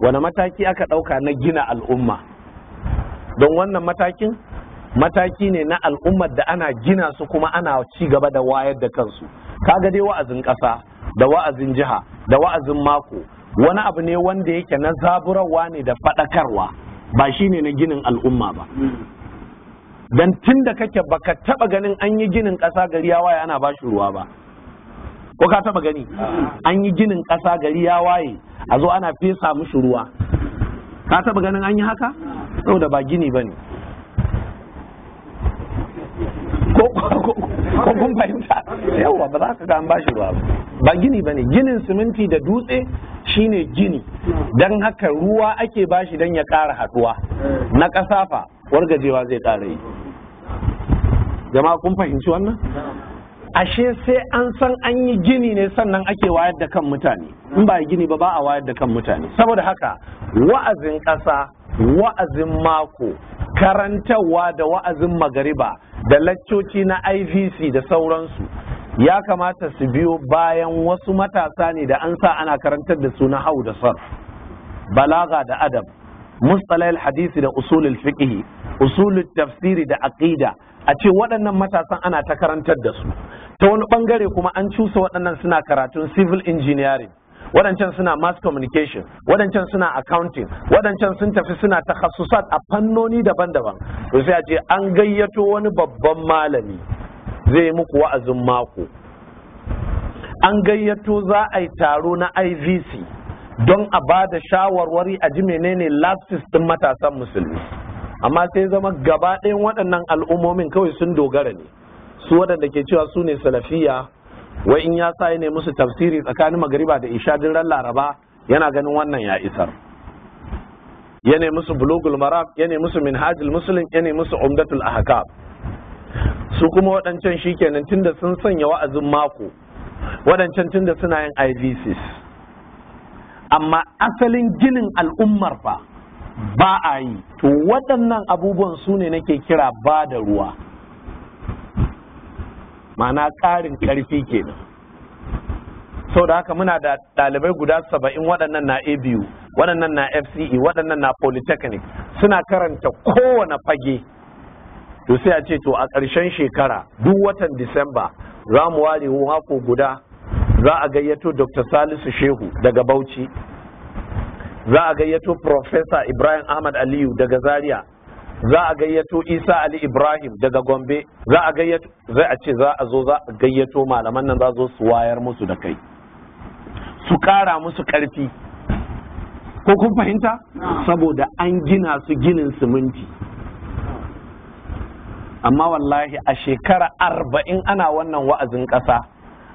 wani mataki aka ɗauka na gina al'umma don wannan matakin mataki ne na al'ummar da ana gina su kuma ana ci gaba da wayar da kansu Ka dai wa'azin ƙasa da wa'azin jiha da wa'azin mako wani abu ne wanda yake na zaburarwa ne da faɗakarwa ba shi ne na ginin al'umma ba Don tun da kake baka taba ganin an yi ginin ƙasa gari ya waye ana bashi ruwa ba ko ka taba gani an yi ginin ƙasa gari ya waye a zo ana fesa mushi ruwa ka taba ganin an yi haka saboda ba gini ba ne. ko kun fahimta yawa ba za ka ga an bashi ruwa ba Ba gini ba ne ginin siminti da dutse shine gini don haka ruwa ake bashi don ya ƙara haɗuwa na ƙasafa wargajewa zai ƙara yi kun fahimci wannan ashe sai an san an yi gini ne sannan ake wayar da kan mutane in ba gini ba ba a wayar da kan mutane saboda haka wa'azin ƙasa wa'azin mako karantarwa da wa'azin magariba da laccoci na ivc da sauransu ya kamata su biyo bayan wasu matasa ne da an sa ana karantar da su na hau da sar balaga da Adam, mustalayil hadisi da usulul fiqhi usulul tafsiri da aqida a ce waɗannan matasan ana ta karantar da su ta wani bangare kuma an cusa waɗannan suna karatun civil engineering waɗancan suna mass communication waɗancan suna accounting waɗancan sun tafi suna ta takhasusat a fannoni daban-daban to sai a ce an gayyato wani babban malami zai yi muku wa'azin mako an gayyato za a yi taro na ivc don a ba da shawarwari a ji menene lapsis din matasan musulmi amma sai zama gaba ɗayan waɗannan al'ummomin kawai sun dogara ne su waɗanda ke cewa su ne salafiya wai in ya sa ya nemi su tafsiri tsakanin magariba da isha din ran laraba yana ganin wannan ya isar ya nemi su bulugul marab ya nemi su minhajul muslim ya nemi su umdatul ahkam su kuma waɗancan shikenan tunda sun sanya wa'azin mako waɗancan tunda suna yin IVCs amma asalin ginin al'ummar fa ba a yi to waɗannan abubuwan su ne nake kira ba da ruwa ma'ana ƙarin ƙarfi kenan sau da haka muna da ɗalibai guda saba'in waɗannan na abu waɗannan na fce waɗannan na polytechnic suna karanta kowane fage to sai a ce to a ƙarshen shekara duk watan disamba za mu ware mako guda za a gayyato dr salisu shehu daga bauchi za a gayyato Profesa Ibrahim Ahmad Aliyu daga Zaria za a gayyato isa ali ibrahim daga gombe za a gayyato zai a ce za a zo za a gayyato malaman nan za zo su wayar musu da kai su kara musu karfi ko kun fahimta saboda an gina su ginin siminti amma wallahi a shekara arba'in ana wannan wa'azin ƙasa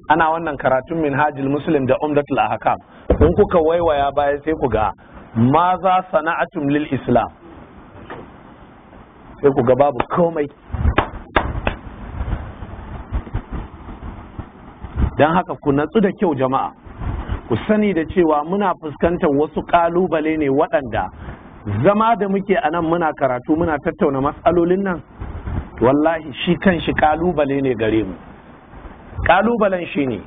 ana wannan karatun minhajil muslim da umdatul ahkam in kuka waiwaya baya sai ku ga ma za sana'atum lil islam sai ku ga babu komai don haka ku natsu da kyau jama'a ku sani da cewa muna fuskantar wasu ƙalubale ne waɗanda zama da muke a nan muna karatu muna tattauna matsalolin nan wallahi shi kan shi ƙalubale ne gare mu ƙalubalen shi ne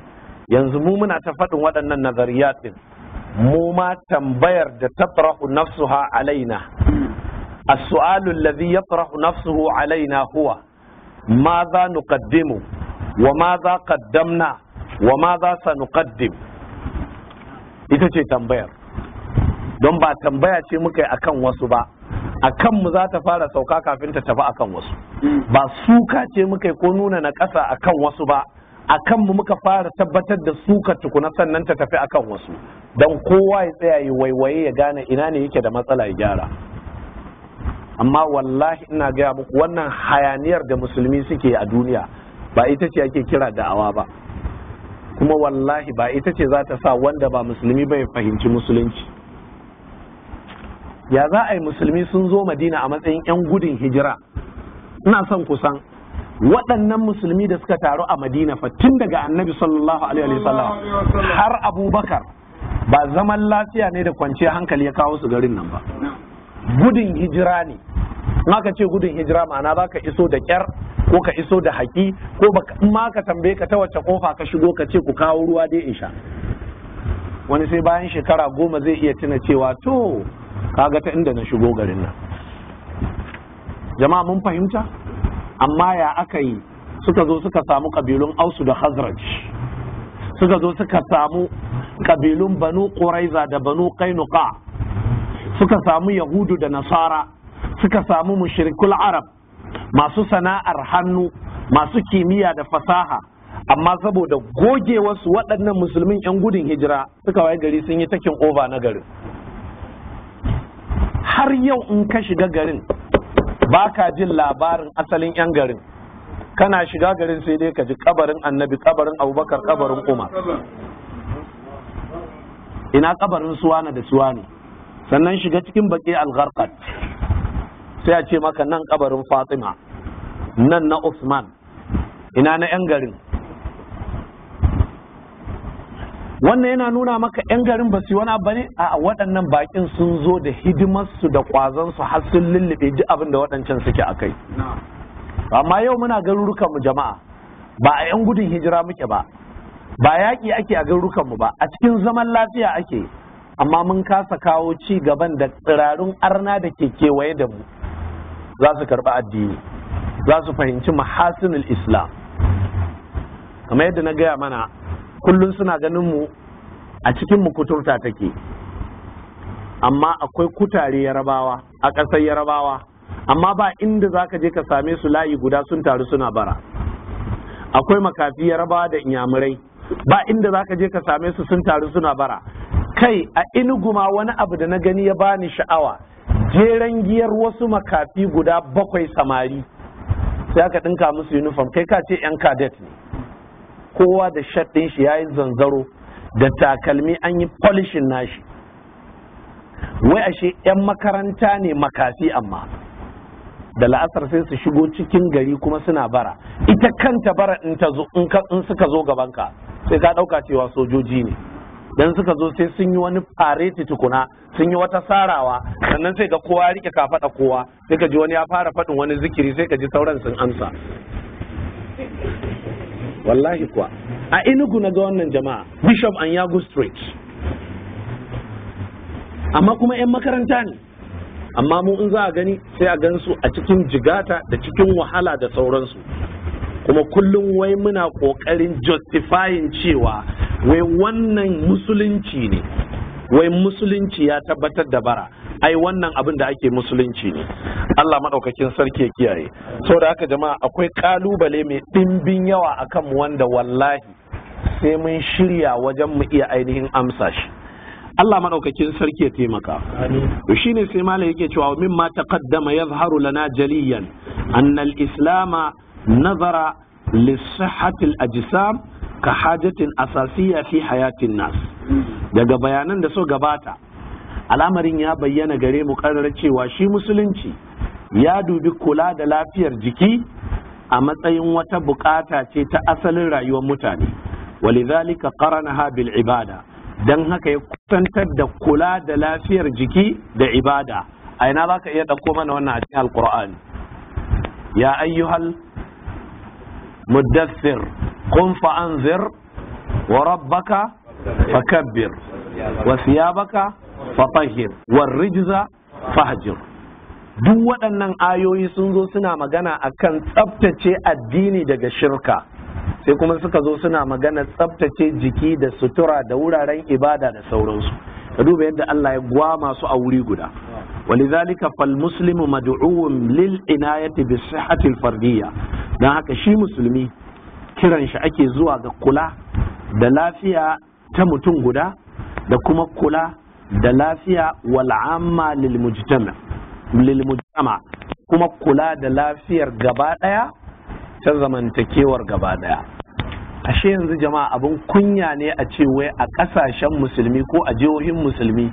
yanzu mu muna ta faɗin waɗannan nazariyatin ɗin mu ma tambayar da tatrahu nafsuha alaina السؤال الذي يطرح نفسه علينا هو ماذا نقدم وماذا قدمنا وماذا سنقدم ita ce tambayar don ba tambaya ce muka yi a kan wasu ba a kanmu za ta fara sauka kafin ta tafi a kan wasu ba suka ce muka yi ko nuna na ƙasa kan wasu ba a kanmu muka fara tabbatar da suka tukuna sannan ta tafi a kan wasu don kowa ya tsaya yi waiwaye ya gane ina ne yake da matsala ya gyara amma wallahi ina gaya muku wannan hayaniyar da musulmi suke a duniya ba ita ce ake kira da'awa ba kuma wallahi ba ita ce za ta sa wanda ba musulmi bai fahimci musulunci ya za a yi musulmi sun zo madina a matsayin 'yan gudun hijira ina son kusan waɗannan musulmi da suka taru a madina fa tun daga annabi sallallahu alaihi har abubakar ba zaman lafiya ne da kwanciyar hankali ya kawo su garin nan ba gudun hijira ne ma ka ce gudun hijira ma'ana za ka iso da kyar ko ka iso da haƙi ko in ma ka tambaye ka ta wacce kofa ka shigo ka ce ku kawo ruwa dai in sha wani sai bayan shekara goma zai iya tuna cewa to kaga ta inda na shigo garin nan jama'a mun fahimta amma ya aka yi suka zo suka samu kabilun ausu da hazraj suka zo suka samu kabilun banu Ƙuraiza da banu Kainuka, suka samu yahudu da nasara suka samu mushrikul arab masu sana'ar hannu masu kimiyya da fasaha amma saboda wasu waɗannan musulmin 'yan gudun hijira suka waye gari sun yi takin over na garin har yau in ka shiga garin ba ka jin labarin asalin 'yan garin kana shiga garin sai dai ka ji kabarin annabi kabarin abubakar kabarin umar ina kabarin suwana da suwani sannan shiga cikin baƙi algharkat sai a ce maka nan kabarin fatima nan na usman ina na yan garin wannan yana nuna maka yan garin ba su wani abu ne? a waɗannan bakin sun zo da hidimarsu da ƙwazonsu har sun lullube ji abin da waɗancan suke a kai amma yau muna garurukanmu jama'a ba a 'yan gudun hijira muke ba ba yaƙi ake a garurukanmu ba a cikin zaman lafiya ake amma mun kasa kawo ci gaban da tsirarun arna da ke kewaye da mu za su karɓi addini za su fahimci mahasinul islam kamar yadda na gaya mana kullum suna ganin mu a cikin mu kuturta take amma akwai kutare yarabawa a ƙasar yarabawa amma ba inda za ka je ka same su layi guda sun taru suna bara akwai makafi yarabawa da inyamurai ba inda za ka je ka same su sun taru suna bara kai a inuguma wani abu da na gani ya bani sha'awa jeren giyar wasu makafi guda bakwai samari sai aka ɗinka musu uniform kai ka ce 'yan kadet ne kowa da shaɗin shi ya yi zanzaro da takalmi an yi polishin nashi wai ashe 'yan makaranta ne makafi amma da la'asar sai su shigo cikin gari kuma suna bara ita kanta bara in suka zo gabanka sai ka ɗauka cewa sojoji ne dan suka zo sai sun yi wani fareti tukuna sun yi wata sarawa sannan sai ga kowa ya rike kafaɗa kowa sai ka ji wani ya fara faɗin wani zikiri sai ka ji sauran sun amsa wallahi kuwa a inugu na ga wannan jama'a bishop an yago street amma kuma 'yan makaranta ne amma mu in za a gani sai a gansu a cikin jigata da cikin wahala da sauransu kuma kullum wai muna kokarin justifying cewa wai wannan musulunci ne wai musulunci ya tabbatar da bara ai wannan abin da ake musulunci ne Allah maɗaukakin sarki ya kiyaye saboda haka jama'a akwai kalubale mai ɗimbin yawa akan wanda wallahi sai mun shirya wajen mu iya ainihin amsa shi Allah maɗaukakin sarki ya taimaka to shine sai malam yake cewa min ma taqaddama yazharu lana jaliyan anna al-islam nazara li sihhati al-ajsam ka hajjatin asasiya fi hayatin nas daga bayanan da so gabata al'amarin ya bayyana gare mu karar cewa shi musulunci ya dubi kula da lafiyar jiki a matsayin wata bukata ce ta asalin rayuwar mutane walizalika qaranaha bil ibada dan haka ya kusantar da kula da lafiyar jiki da ibada a ina zaka iya dauko mana wannan a cikin alqur'ani ya ayyuhal muddathir qum fa anzir wasiyabaka rabbaka fakabbir wa thiyabaka fahjir duk waɗannan ayoyi sun zo suna magana akan tsaftace addini daga shirka sai kuma suka zo suna magana tsaftace jiki da sutura da wuraren ibada da sauransu ka duba yadda Allah ya gwama masu a wuri guda ولذلك فالمسلم مدعو للعناية بالصحة الفردية dan haka shi musulmi kiran shi ake zuwa ga kula da lafiya ta mutum guda da kuma kula da lafiya wal'amma lilmujtama kuma kula da lafiyar gaba ɗaya ta zamantakewar gaba ɗaya ashe yanzu jama'a abun kunya ne a ce wai a ƙasashen musulmi ko a jihohin musulmi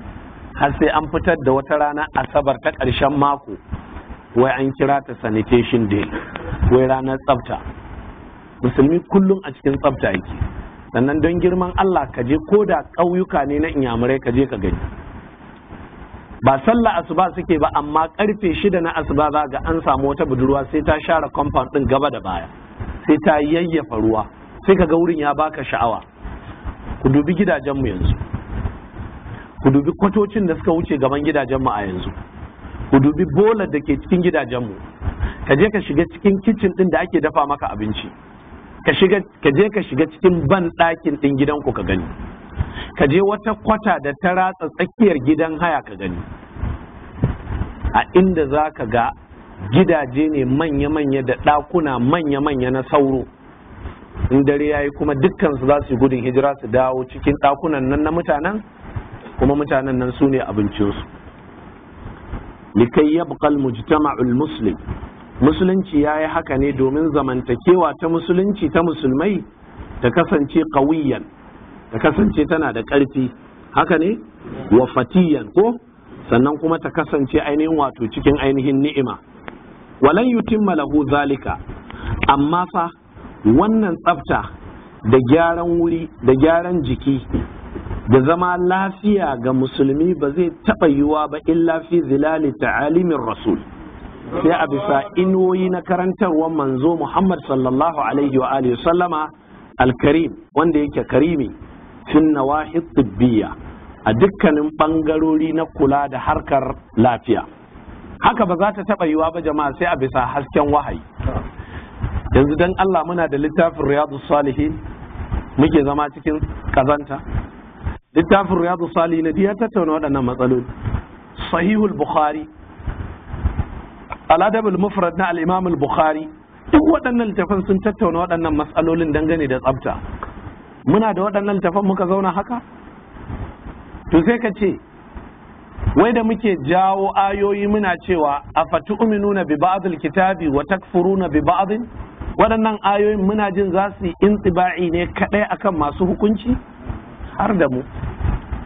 har sai an fitar da wata rana asabar ta ƙarshen mako wai an kira ta sanitation day wai ranar tsafta musulmi kullum a cikin tsafta yake sannan don girman Allah ka je ko da ƙauyuka ne na inyamurai ka je ka gani ba sallah asuba suke ba amma karfe shida na asuba za ga an samu wata budurwa sai ta share compound din gaba da baya sai ta yayyafa ruwa sai ka ga wurin ya baka sha'awa ku dubi gidajenmu yanzu ku dubi kwatocin da suka wuce gaban gidajenmu a yanzu ku dubi bolar da ke cikin gidajenmu ka je ka shiga cikin kicin din da ake dafa maka abinci ka je ka shiga cikin ban ɗakin din gidanku ka gani ka je wata kwata da ta ratsa tsakiyar gidan haya ka gani a inda za ka ga gidaje ne manya-manya da ɗakuna manya-manya na sauro in dare ya yi kuma dukkan su za su yi gudun hijira su dawo cikin ɗakunan nan na mutanen kuma mutanen nan su ne abincinsu likai yabqal mujtama'ul muslim musulunci ya yi haka ne domin zamantakewa ta musulunci ta musulmai ta kasance kawiyan ta kasance tana da ƙarfi haka ne wa fatiyan ko sannan kuma ta kasance ainihin wato cikin ainihin ni'ima walan yutimma lahu zalika amma fa wannan tsafta da gyaran wuri da gyaran jiki da zama lafiya ga musulmi ba zai taɓa yiwuwa ba illa fi zilali ta'alimin rasul sai a bisa inuwoyi na karantarwar manzo Muhammad sallallahu alaihi wa sallama alkarim wanda yake karimi fin nawahi tibbiya a dukkanin ɓangarori na kula da harkar lafiya haka ba za ta taɓa yiwa ba jama'a sai a bisa hasken wahayi yanzu dan Allah muna da littafin riyadu salihin muke zama cikin kazanta littafin riyadu salihin na ya tattauna waɗannan matsaloli sahihul bukhari aladabul mufrad na al'imamul bukhari duk waɗannan littafan sun tattauna waɗannan matsalolin dangane da tsabta muna da waɗannan littafan muka zauna haka to sai ka ce wai da muke jawo ayoyi muna cewa a uminuna bi ba'dil kitabi wa takfuruna bi ba'dil waɗannan ayoyin muna jin za su yi intiba'i ne kaɗai akan masu hukunci har da mu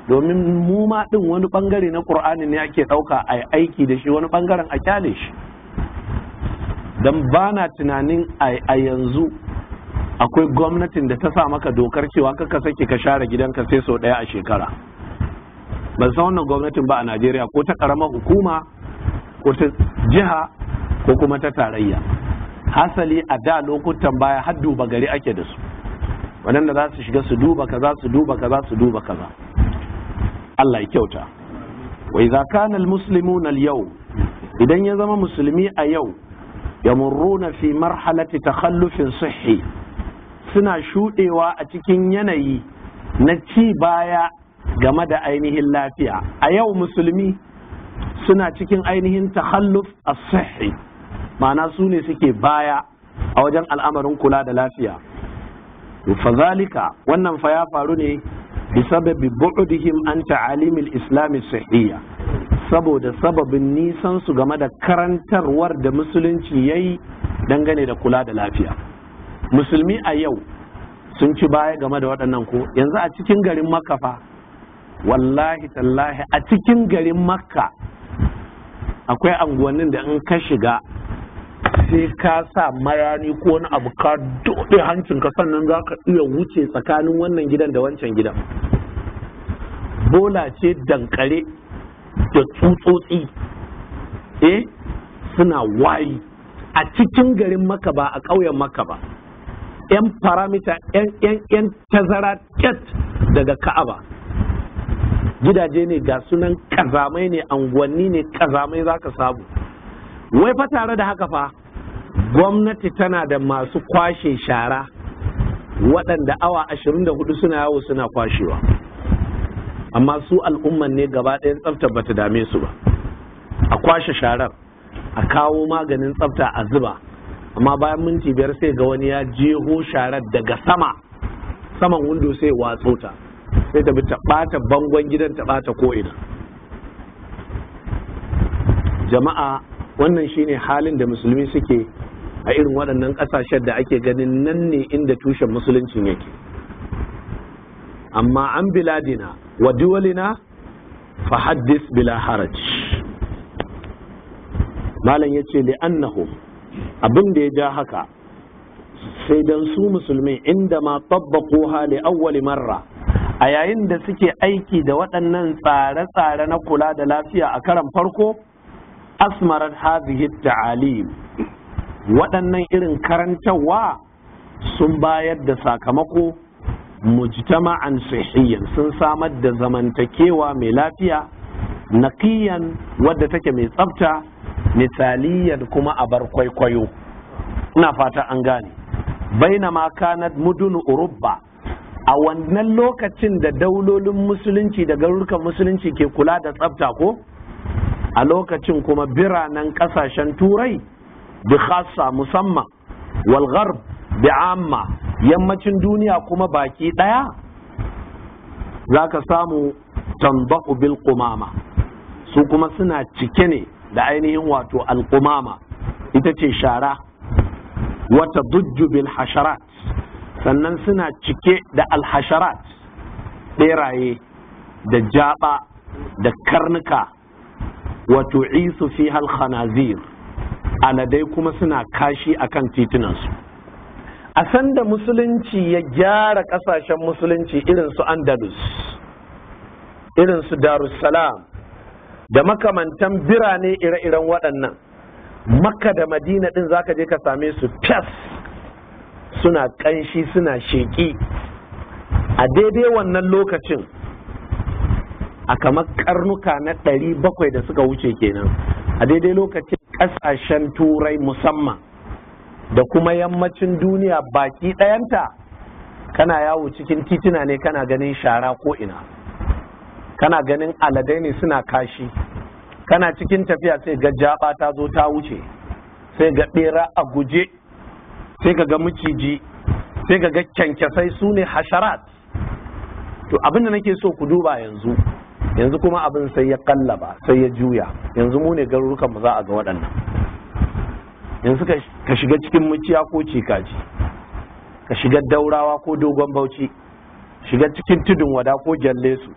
domin mu ma din wani bangare na qur'ani ne ake dauka a aiki da shi wani bangaren a kyale shi dan na tunanin a yanzu akwai gwamnatin da ta sa maka dokar cewa kaka sake ka share gidanka sai sau daya a shekara ban san wannan gwamnatin ba a Najeriya ko ta karamar hukuma ko ta jiha ko kuma ta tarayya hasali a da lokutan baya har duba gari ake da su waɗanda za su shiga su duba kaza su duba kaza su duba kaza Allah ya kyauta wa idza kana almuslimuna alyawm idan ya zama musulmi a yau yamurruna fi marhalati takhallufin sihhi suna shudewa a cikin yanayi na ci baya game da ainihin lafiya a yau musulmi suna cikin ainihin takhalluf as-sihhi ma'ana su ne suke baya a wajen al'amarin kula da lafiya Fazalika wannan fa ya faru ne bisababi bu'dihim an ta'alimil islami sahihiyya saboda sababin nisan su game da karantarwar da musulunci yayi dangane da kula da lafiya musulmi a yau sun ci baya game da waɗannan ko yanzu a cikin garin makka fa wallahi tallahi a cikin garin makka akwai anguwannin da in ka shiga sai ka sa marani ko wani abu ka hancin hancinka sannan za ka iya wuce tsakanin wannan gidan da wancan gidan bola ce dankare da tsutsotsi eh suna wari a cikin garin maka ba a ƙauyen maka ba yan faramita yan tazara ket daga ka'aba gidaje ne ga sunan kazamai ne anguwanni ne kazamai za ka samu wai fa tare da haka fa gwamnati tana da masu kwashe shara waɗanda awa hudu suna yawo suna kwashewa amma su al'umman ne gaba ɗayan tsafta ba ta dame su ba a kwashe sharar a kawo maganin tsafta a zuba amma bayan minti biyar sai ga wani ya jeho sharar daga sama saman windo sai watso ta sai ta bi ta ɓata bangon gidan ta ɓata ko'ina jama'a wannan shine halin da musulmi suke a irin waɗannan ƙasashen da ake ganin nan ne inda tushen musuluncin yake amma an biladina wa duwalina fa haddis bila haraj malam ya ce li'annahum abin da ya ja haka sai dan su musulmi inda ma tabbaquha li awwali marra a yayin da suke aiki da waɗannan tsare-tsare na kula da lafiya a karan farko asmarat hadhihi ta'alim waɗannan irin karantarwa sun bayar da sakamako mujtama'an sahiyan sun samar da zamantakewa mai lafiya naqiyan wadda take mai tsafta misaliyan kuma a bar kwaikwayo ina fata an gane Baina ma kanat mudun urubba a wannan lokacin da daulolin musulunci da garurukan musulunci ke kula da tsafta ko a lokacin kuma biranen kasashen turai bi khassa musamman wal amma yammacin duniya kuma baki Za zaka samu tambaqu bil su kuma suna cike ne da ainihin wato al'kumama, ita ce shara wata dujju bil hasharat sannan suna cike da alhasharat ɓeraye da jaba da karnuka wato isu fi hal khanazir aladai kuma suna kashi akan titunansu a sanda musulunci ya gyara kasashen musulunci irin su andalus irin su darussalam da makamantan birane ire-iren waɗannan makka da madina ɗin zaka je ka same su fes suna ƙanshi suna sheƙi a daidai wannan lokacin a kamar karnuka na ɗari bakwai da suka wuce kenan a daidai lokacin ƙasashen turai musamman da kuma yammacin duniya baki ɗayanta kana yawo cikin tituna ne kana ganin shara ko ina kana ganin aladai ne suna kashi kana cikin tafiya sai ga jaba ta zo ta wuce sai ga ɓera a guje sai ga maciji sai ga kyankyasai su ne hasharat to abinda nake so ku duba yanzu yanzu kuma abin sai ya kallaba sai ya juya yanzu mu ne garurukan mu za a ga waɗannan yanzu ka shiga cikin muciya ko cikaji ka shiga daurawa ko dogon bauchi shiga cikin tudun wada ko jallesu su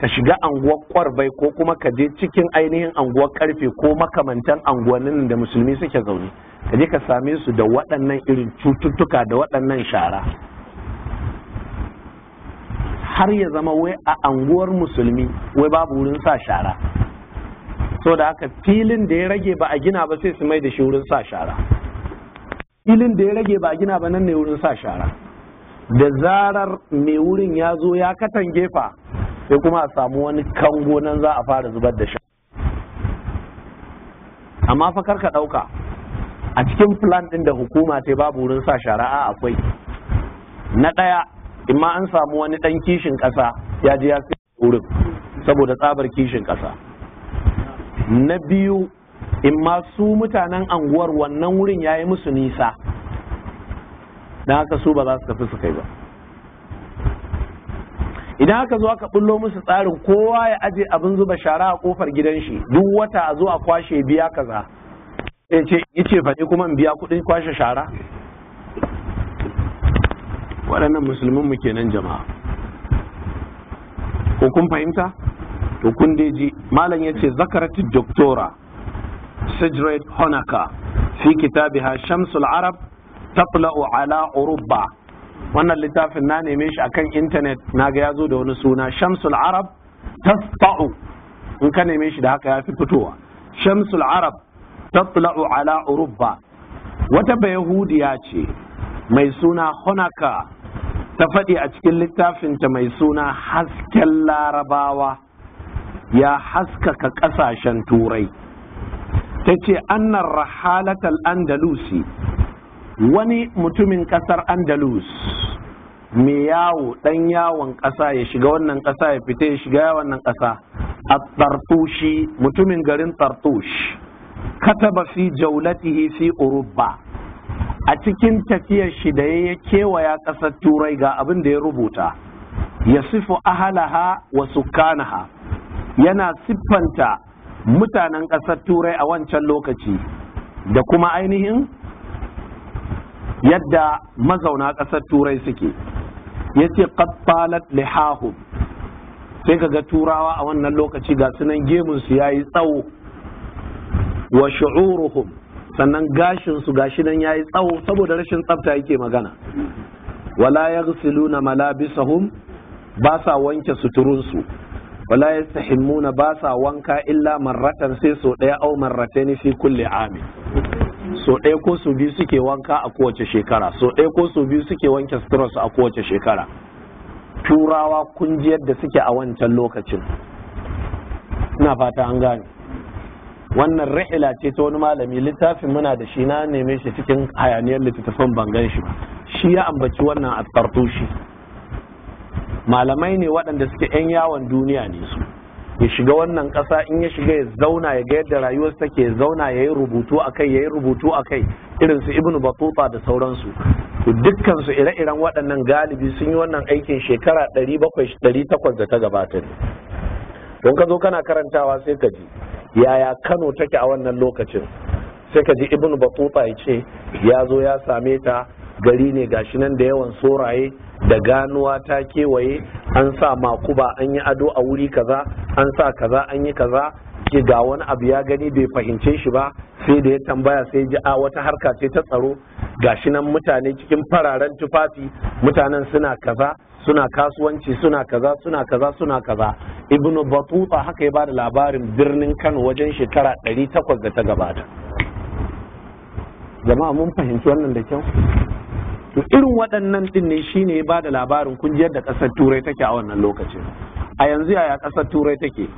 ka shiga anguwar kwarbai ko kuma ka je cikin ainihin anguwar karfe ko makamantan anguwannin da musulmi suke zaune ka je ka same su da waɗannan irin cututtuka da waɗannan shara har ya zama wai a anguwar musulmi wai babu wurin sa shara so da haka filin da ya rage ba a gina ba sai su mai da shi wurin sa shara filin da ya rage ba a gina ba nan ne wurin sa shara da zarar mai wurin ya zo ya katan gefa sai kuma a samu wani kango nan za a fara zubar da shara amma fa ka ɗauka a cikin plan ɗin da hukuma ce babu wurin sa shara a akwai na ɗaya in ma an samu wani dan kishin kasa ya ji ya sai wurin saboda tsabar kishin ƙasa na biyu in ma su mutanen anguwar wannan wurin ya yi musu nisa don haka su ba za su tafi su kai ba idan aka zo aka bullo musu tsarin kowa ya aje abin zuba shara a kofar gidan shi duk wata a zo a kwashe biya kaza ce ce fa kuma in biya kuɗin kwashe shara waɗannan musulmin mu kenan jama'a ko kun fahimta to kun ji malam yace zakaratu doktora sijred honaka fi kitabiha shamsul arab taqla'u ala urubba wannan littafin na neme shi akan intanet na ga ya zo da wani suna shamsul arab tasfa'u in ka neme shi da haka ya fi fitowa shamsul arab tatla'u ala urubba wata bayahudiya ce mai suna honaka ta faɗi a cikin littafinta mai suna hasken larabawa ya haskaka ƙasashen turai ta ce annan rahalatal andalusi wani mutumin ƙasar andalus mai yawo ɗan yawon ƙasa ya shiga wannan ƙasa ya fita ya shiga yawon nan ƙasa a tsartushi, mutumin garin tartush kataba fi jaulatihi fi urubba a cikin tafiyar shi da ya kewaya ƙasar turai ga abin da ya rubuta ya sifu ahalaha wa sukanaha, yana siffanta mutanen ƙasar turai a wancan lokaci da kuma ainihin yadda mazauna ƙasar turai suke ya ce ƙaffalat lihahum sai ka ga turawa a wannan lokaci ga sunan gemunsu ya yi tsawo wa shu'uruhum sannan gashin su gashi nan yayi tsawo saboda rashin tsafta yake magana wala yaghsiluna malabisahum ba sa wanke suturun su wala yastahimuna ba sa wanka illa marratan sai so daya au marrataini fi kulli ami so ɗaya ko su biyu suke wanka a kowace shekara so ɗaya ko su biyu suke wanke suturarsu a kowace shekara turawa kunjiyar da suke a wancan lokacin ina fata an gane wannan rihila ce ta wani malami littafin muna da shi na neme shi cikin hayaniyar littattafan bangan shi shi ya ambaci wannan a tartushi malamai ne waɗanda suke 'yan yawon duniya ne su ya shiga wannan ƙasa in ya shiga ya zauna ya ga yadda rayuwar take zauna ya yi rubutu a kai ya yi rubutu a kai irin su ibnu batuta da sauransu to dukkan ire-iren waɗannan galibi sun yi wannan aikin shekara 700 da ta gabata ne don ka zo kana karantawa sai ka ji yaya kano take a wannan lokacin sai ka ji Ibn batuta ya ce ya zo ya same ta gari ne gashi nan da yawan soraye da ganuwa ta kewaye an sa makuba an yi ado a wuri kaza an sa kaza an yi kaza Ke ga wani abu ya gani bai fahimce shi ba sai da ya tambaya sai ji a wata harka ce ta tsaro gashi nan mutane cikin fararen tufafi mutanen suna kaza suna kasuwanci suna kaza suna kaza suna kaza ibn batuta haka ya ba da labarin birnin kano wajen shekara 800 da ta gabata jama'a mun fahimci wannan da kyau to irin waɗannan din ne shine ya ba da labarin kun yadda ƙasar turai take a wannan lokacin a yanzu yaya ƙasar turai take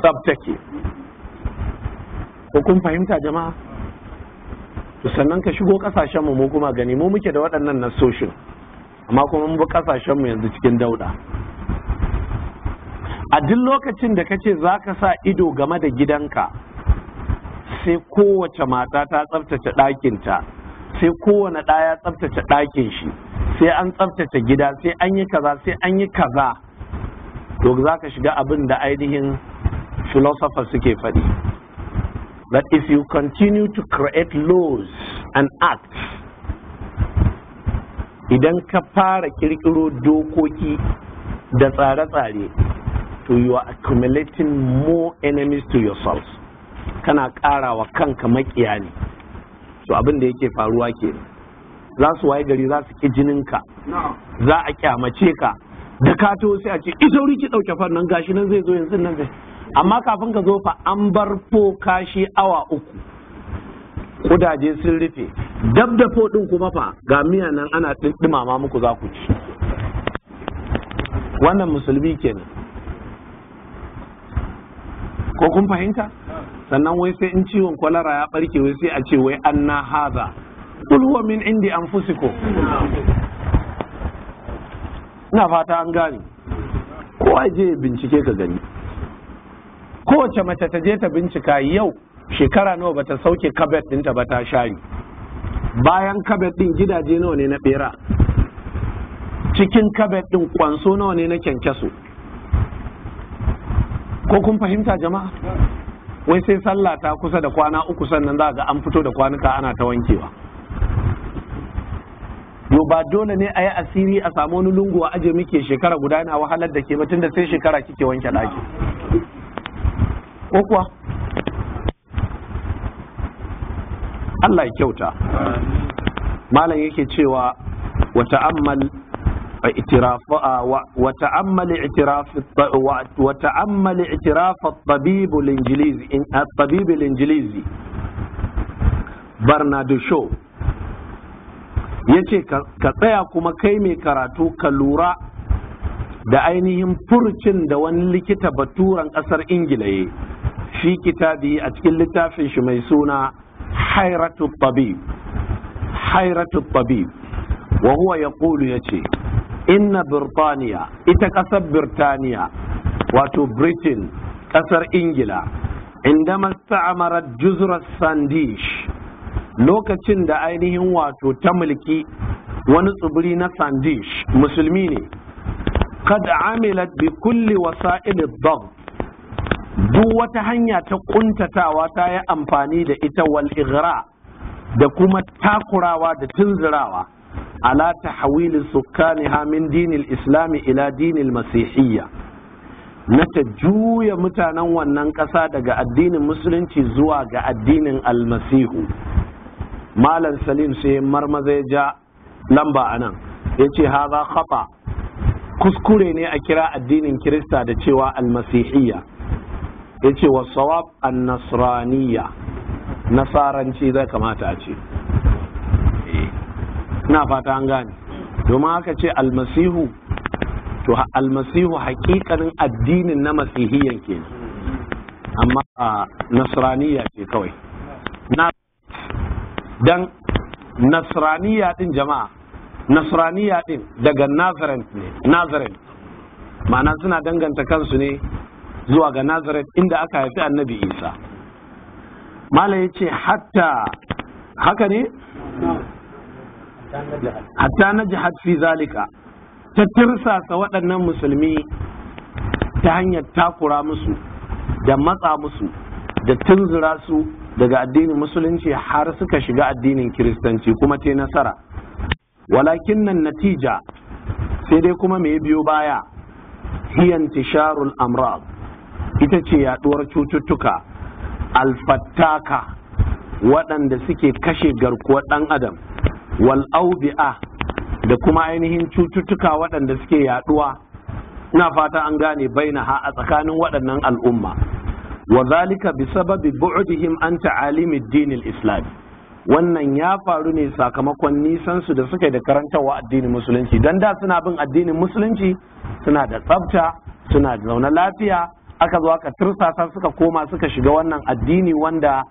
tsab take ko kun fahimta jama'a sannan ka shigo kasashen mu kuma gani mu muke da waɗannan na nasoshin amma kuma mun bi kasashen mu yanzu cikin dauda a duk lokacin da kace za ka sa ido game da gidanka sai kowace mata ta tsaftace ɗakinta sai kowane ɗaya tsaftace ɗakin shi sai an tsaftace gida sai an yi kaza sai an yi kaza to za ka shiga abin da ainihin filosofar suke faɗi that if you continue to create laws and acts idan ka fara kirkiro dokoki da tsare-tsare to you are accumulating more enemies to yourself kana ƙara wa kanka makiya ne to abin da yake faruwa ke za su waye gari za su ki jininka za a kyamace ka da ka sai a ce isauri ki ɗauke fannan gashi nan zai zo yanzu nan zai amma kafin ka zo fa an bar fo kashi awa uku kudaje sun rufe dab da fo din kuma fa ga miya nan ana ɗumama muku za ku ci wannan musulmi kenan ko kun fahimta sannan wai sai in ciwon kwalara ya barke wai sai a ce wai an na haza kul huwa min indi anfusikum ina fata an gane kowa je bincike ka gani kowace mace ta je ta bincika yau shekara nawa bata sauke kabet ɗinta ba ta shayi bayan kabet din gidaje nawa ne na bera, cikin kabet din kwanso nawa ne na kyankyaso ko kun fahimta jama'a wai sai sallah ta kusa da kwana uku sannan za ga an fito da kwanuka ana ta wankewa yo ba dole ne a yi asiri a samu wani lungu a aje muke shekara guda na wahalar da ke batun da sai shekara kike wanke ɗaki ko kuwa Allah ya kyauta malam yake cewa wa ta'ammal اعتراف وتأمل اعتراف وتأمل اعتراف at-tabib al-injilizi برناردو Shaw yace ka tsaya kuma kai mai karatu ka lura da ainihin furcin da wani likita baturan ƙasar ingila ya fi kitabi a cikin littafin shi mai suna hairatu tabib hairatu tabib wa huwa ya ce. inna birtaniya ita ƙasar birtaniya wato britain ƙasar ingila indama sta'amarat juzra sandish lokacin da ainihin wato ta mulki wani tsibiri na sandish musulmi ne kad amilat bi kulli wasa'il dhab duk wata hanya ta ƙuntatawa ta yi amfani da ita wal igra, da kuma takurawa da tunzirawa ala tahwil sukkaniha min dinil islami ila dinil masihiyya na ta juya mutanen wannan ƙasa daga addinin musulunci zuwa ga addinin almasihu malam salim sai marmaza ya ja lamba a nan ya ce haza kafa kuskure ne a kira addinin kirista da cewa almasihiyya ya ce wa sawab an nasraniya nasaranci zai kamata a ce eh, na fata an gane domin haka ce almasihu to almasihu hakikanin addinin na masihiyan ke amma a nasraniya ce kawai dan nasraniya din jama'a nasraniya din daga nazaret ne nazaret ma'ana suna danganta kansu ne zuwa ga Nazareth inda aka haifi annabi Isa Malam ya ce hatta haka ne? hatta na jihad fi zalika ta tirsasa waɗannan musulmi ta hanyar takura musu da matsa musu da tunzura su daga addinin musulunci har suka shiga addinin kiristanci kuma ta nasara walakin nan natija sai dai kuma mai biyo baya hiyan tisharul amrad ita ce yaduwar cututtuka alfattaka waɗanda suke kashe garkuwar ɗan adam wal a da kuma ainihin cututtuka waɗanda suke yaduwa ina fata an gane baina ha a tsakanin waɗannan al'umma wa zalika bi sababi bu'udihim an ta'alimi dinil islam wannan ya faru ne sakamakon nisansu da suke da karantarwa addinin musulunci dan da suna bin addinin musulunci suna da tsafta suna da zaune lafiya aka zo aka tursasa suka koma suka shiga wannan addini wanda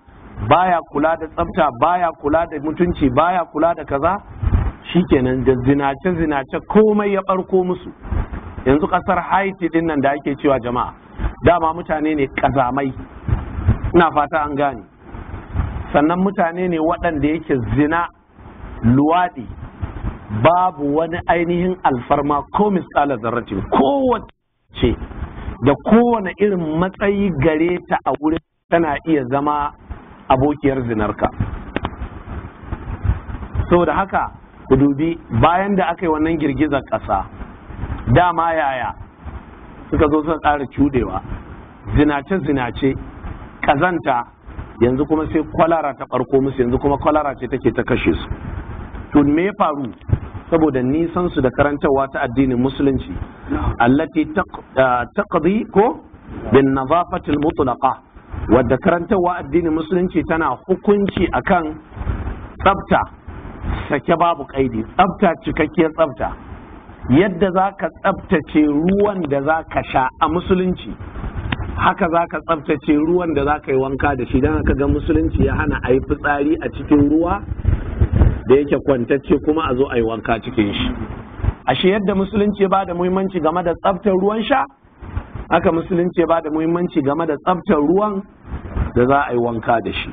baya kula da tsafta baya kula da mutunci baya kula da kaza shikenan da zinace zinace komai ya barko musu yanzu kasar haiti din nan da ake cewa jama'a dama mutane ne kazamai ina fata an gane sannan mutane ne waɗanda yake zina luwaɗi babu wani ainihin alfarma ko misalar zarratin kowace da kowane irin matsayi gare ta a wurin tana iya zama abokiyar zinarka da haka ku dubi bayan da aka yi wannan girgizar ƙasa dama yaya suka zo suka ƙara cudewa zinace-zinace kazanta yanzu kuma sai kwalara ta ɓarko musu yanzu kuma kwalara ce take ta kashe su Tun me ya faru saboda nisan su da karantarwa ta addinin musulunci allati ah, taqdi ko bin nazafatil mutlaqa wadda karantarwa addinin musulunci tana hukunci akan tsabta sake babu kaidi tsabta cikakkiyar tsafta. yadda za ka tsabtace ruwan da za ka sha a musulunci haka za ka tsabtace ruwan da za ka yi wanka da shi don ka ga musulunci ya hana ayi fitsari a cikin ruwa da yake kwantacce kuma a zo a yi wanka cikin shi ashe yadda musulunci ya bada muhimmanci game da tsaftar ruwan sha haka musulunci ba bada muhimmanci game da tsaftar ruwan da za a yi wanka da shi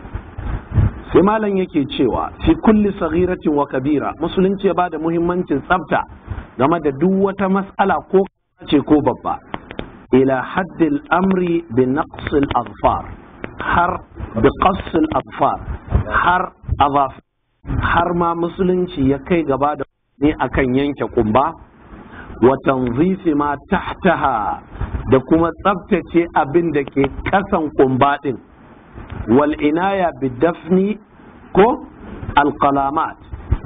sai malam yake cewa fi kulli saghiratin wa kabira musulunci ya bada muhimmancin tsafta game da duk wata mas'ala ko ce ko babba ila haddil amri bi naqsil azfar har bi qasl azfar har azafar har ma musulunci ya kai gaba da ne akan yanke kumba Watan ma tahtaha da kuma tsabtace abin da ke kasan kumba din wal'inaya bi bidafni ko alkalamat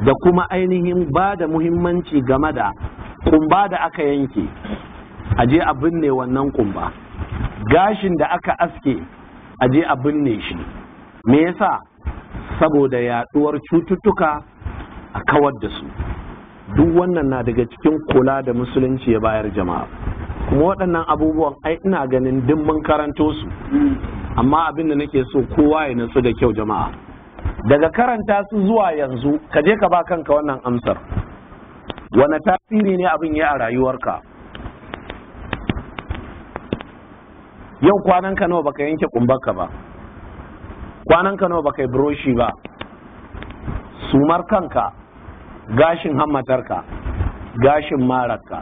da kuma ainihin ba da muhimmanci game da kumba da aka yanke aje a binne wannan kumba gashin da aka aske aje a binne shi me yasa saboda yaduwar cututtuka a kawar da su duk wannan na daga cikin kula da musulunci ya bayar jama'a kuma waɗannan abubuwan ai ina ganin duk mun karanto su amma abin da nake so kowa ya nutsu da kyau jama'a daga karanta su zuwa yanzu ka je ka ba kanka wannan amsar wane tasiri ne abin ya a rayuwarka yau kwananka nawa baka yanke kumbarka ba kwanan ka nawa baka yi buroshi ba sumar kanka gashin hammatarka gashin mararka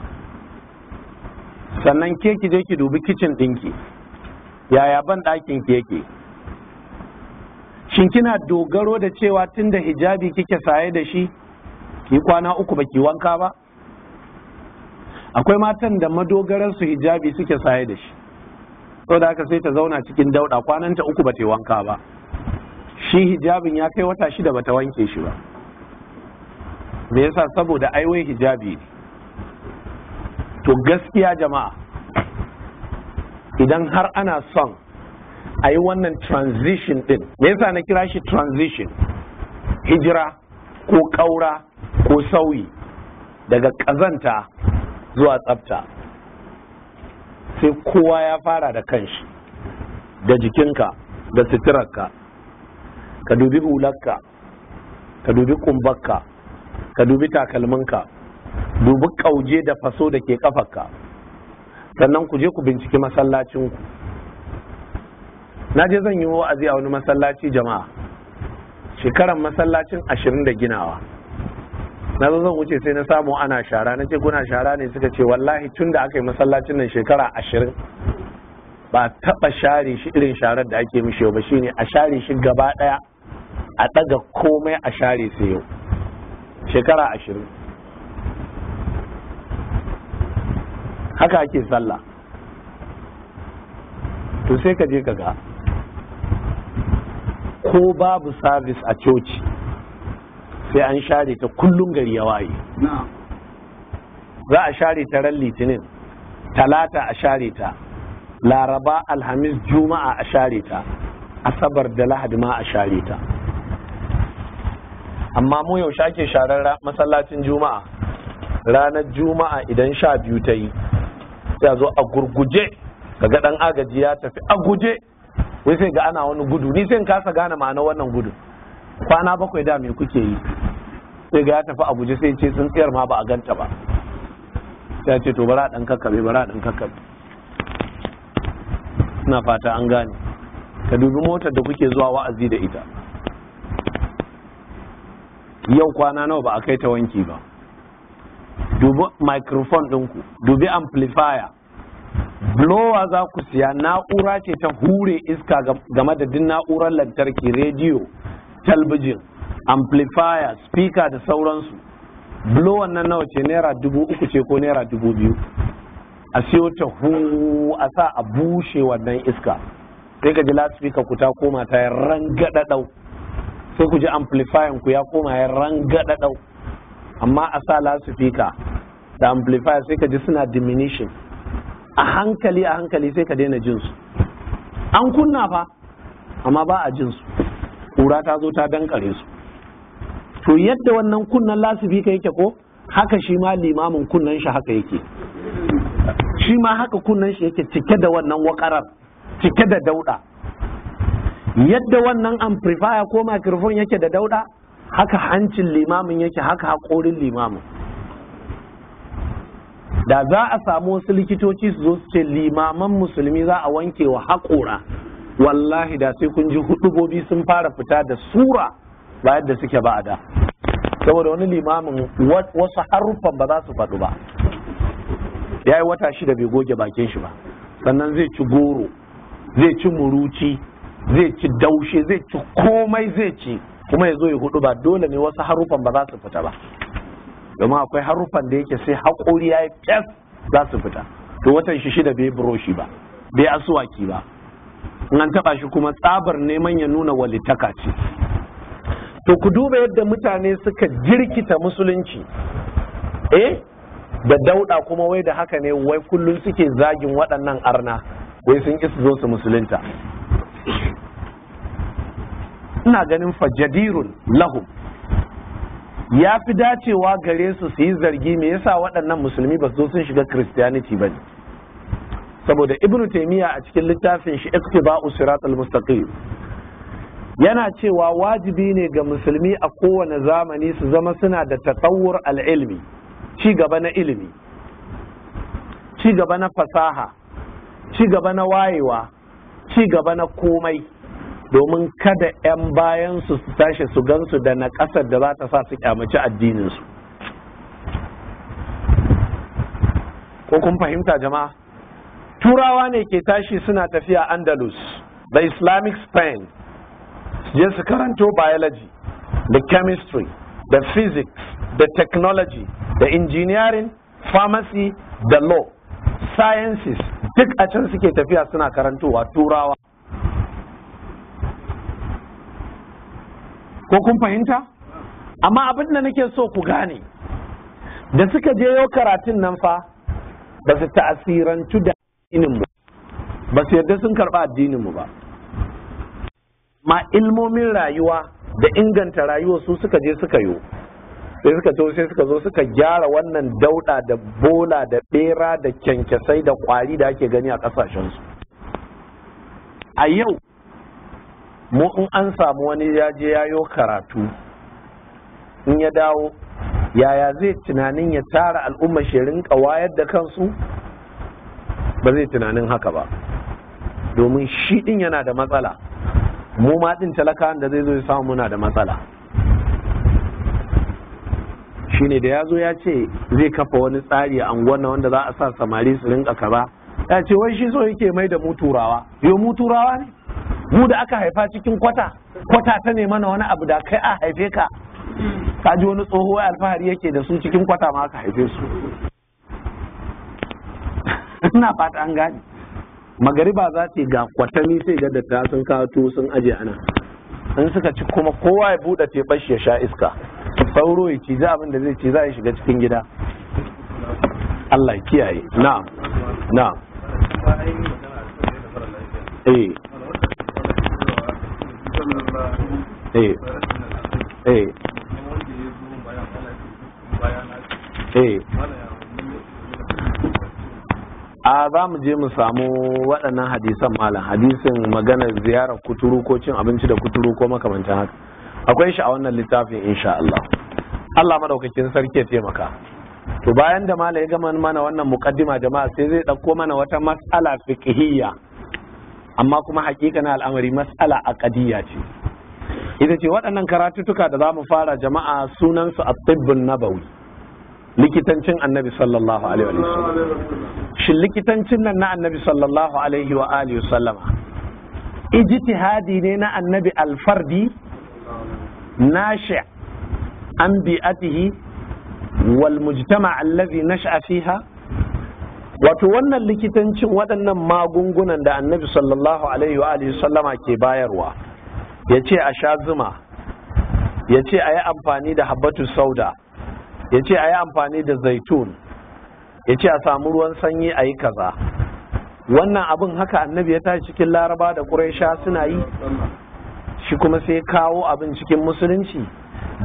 sannan ke ki je ki dubi kicin ɗinki yaya ban ɗakin ki yake shin kina dogaro da cewa tun da hijabi kike saye da shi ki kwana uku baki wanka ba akwai matan da madogararsu hijabi suke saye da shi da haka sai ta zauna cikin dauɗa kwananta uku ba ta wanka ba shi hijabin ya kai wata shida bata wanke shi ba me yasa saboda aiwai hijabi to gaskiya jama'a idan har ana son a yi wannan transition din me yasa na kira shi transition hijira ko ƙaura ko sauyi daga ƙazanta zuwa tsafta sai kowa ya fara da kanshi da jikinka da suturarka ka dubi hularka ka dubi kumbarka ka dubi takalminka dubi kauje da faso da ke kafarka sannan ku je ku binciki masallacinku na je zan yi wa'azi a wani masallaci jama'a shekaran masallacin ashirin da ginawa na zo zan wuce sai na samu ana shara na ce kuna shara ne suka ce wallahi tun da aka yi masallacin nan shekara ashirin ba taba share shi irin sharar da ake mishi ba shine a share shi gaba daya a ɗaga komai a share sai yau shekara ashirin haka ake sallah to sai ka je ka ga ko babu sabis a coci sai an share ta kullum gari ya waye za a share ta ran litinin talata a share ta laraba alhamis juma'a a share ta asabar da lahadi ma a share ta amma mu yaushe ake sharar masallacin juma'a ranar juma'a idan sha biyu ta yi sai zo a gurguje ga dan agaji ya tafi a guje wai sai ga ana wani gudu ni sai kasa gane ma'ana wannan gudu kwana bakwai da me kuke yi sai ga ya tafi a guje sai ce tsintsiyar ma ba a ganta ba sai ce to bara dan kakkabe bara dan kakkabe ina fata an gane ka dubi motar da kuke zuwa wa'azi da ita yau kwana nawa ba a kai ta wanki ba dubi microphone ɗinku dubi amplifier blower za ku siya na'ura ce ta hure iska game da na'urar lantarki rediyo talbijin amplifier speaker da sauransu blower nan nawa ce naira dubu uku ce ko naira dubu biyu a siyo ta huu a sa a bushe wannan iska sai ka ji speaker ku ta koma ta rangada ɗau sai ku ji amplifier ku ya koma ya rangada dau amma a sa lasifika da amplifier sai ka ji suna diminishing a hankali a hankali sai ka daina jin su an kunna fa amma ba a jin kura ta zo ta dankare su to yadda wannan kunnan lasifika yake ko haka shi ma limamin kunnan shi haka yake shi ma haka kunnan shi yake cike da wannan wakarar cike da dauda yadda wannan amplifier ko microphone yake da dauda haka hancin limamin yake haka haƙorin limamin da za a samu wasu likitoci su zo su ce limaman musulmi za a wanke wa haƙora wallahi da sai kun ji hudu gobi sun fara fita da sura ba yadda suke ba a da saboda wani limamin wasu haruffan ba za su faɗu ba ya yi wata shida bai goge bakin shi ba sannan zai ci goro zai ci muruci zai ci daushe zai ci komai zai ci kuma ya zo ya hudu ba dole ne wasu harufan ba za su fita ba domin akwai harufan da yake sai haƙuri ya yi fes za su fita to watan shi shida bai buroshi ba bai asuwaki ba in an taɓa shi kuma tsabar neman ya nuna walitaka ce to ku duba yadda mutane suka jirkita musulunci eh da dauda kuma wai da haka ne wai kullum suke zagin waɗannan arna wai sun isa zo su musulunta ina ganin fajadirun lahum ya fi dacewa gare su su yi zargi me yasa waɗannan musulmi ba su sun shiga christianity ba ne saboda ibn taimiyya a cikin littafin shi iqtiba'u siratal mustaqim yana cewa wajibi ne ga musulmi a kowane zamani su zama suna da tatawur al'ilmi ci gaba na ilimi ci gaba na fasaha ci gaba na wayewa ci gaba na komai domin kada 'yan bayansu su tashi su gansu da na ƙasar da za ta sa su kyamaci addininsu ko kun fahimta jama'a turawa ne ke tashi suna tafiya andalus da islamic spain je su karanto biology da chemistry da physics da technology da engineering pharmacy da law sciences duk a can suke tafiya suna karantowa turawa ko kun fahimta amma abin da nake so ku gane da suka je yau karatun nan fa ba su ta'asirantu da mu ba su yarda sun karɓa addinin mu ba ma ilmomin rayuwa da inganta rayuwa su suka je suka yi sai suka to sai suka zo suka gyara wannan dauda da bola da bera da kyankyasai da kwari da ake gani a kasashensu a yau mu in an samu wani ya je yayo karatu in ya dawo yaya zai tunanin ya tara al'umma shi rinka wayar da kansu ba zai tunanin haka ba domin shi din yana da matsala mu ma din talakawan da zai zo ya samu muna da matsala shine da ya zo ya ce zai kafa wani tsari a na wanda za a sa samari su rinka kaza ya ce wai shi so yake mai da mu turawa yo mu turawa ne mu da aka haifa cikin kwata kwata ta ne mana wani abu da kai a haife ka ka ji wani tsoho alfahari yake da su cikin kwata ma aka haife su ina fata an gani magariba za ta ga kwatami sai ga datta sun kawo sun aje ana in suka ci kuma kowa ya buɗe teɓar ya sha iska sauro ya ciza abin da zai ci za ya shiga cikin gida Allah kiyaye na'am na'am eh. Eh. Eh. Eh. a za mu je mu samu waɗannan hadisan malam hadisin magana, ziyarar kuturu ko cin abinci da kuturu ko makamancin haka akwai shi a wannan littafin insha Allah Allah madaukakin sarki ya taimaka to bayan da malam ya gama mana wannan muqaddima jama'a sai zai ɗauko mana wata mas'ala fiqhiyya amma kuma hakika na al'amari mas'ala aqadiyya ce ita ce waɗannan karatutuka da za mu fara jama'a sunansu a tibbin nabawi likitancin annabi sallallahu alaihi wa sallam shin likitancin nan na annabi sallallahu alaihi wa alihi sallama ijtihadi ne na annabi alfardi nashi an bi'atihi wal mujtama allazi nasha fiha wato wannan likitancin waɗannan magungunan da annabi sallallahu alaihi wa sallama ke bayarwa ya ce a sha zuma ya ce a yi amfani da habbatu sauda ya ce a yi amfani da zaitun ya ce a samu ruwan sanyi a yi kaza wannan abin haka annabi ya tashi cikin laraba da ƙuraisha suna yi shi kuma sai kawo abin cikin musulunci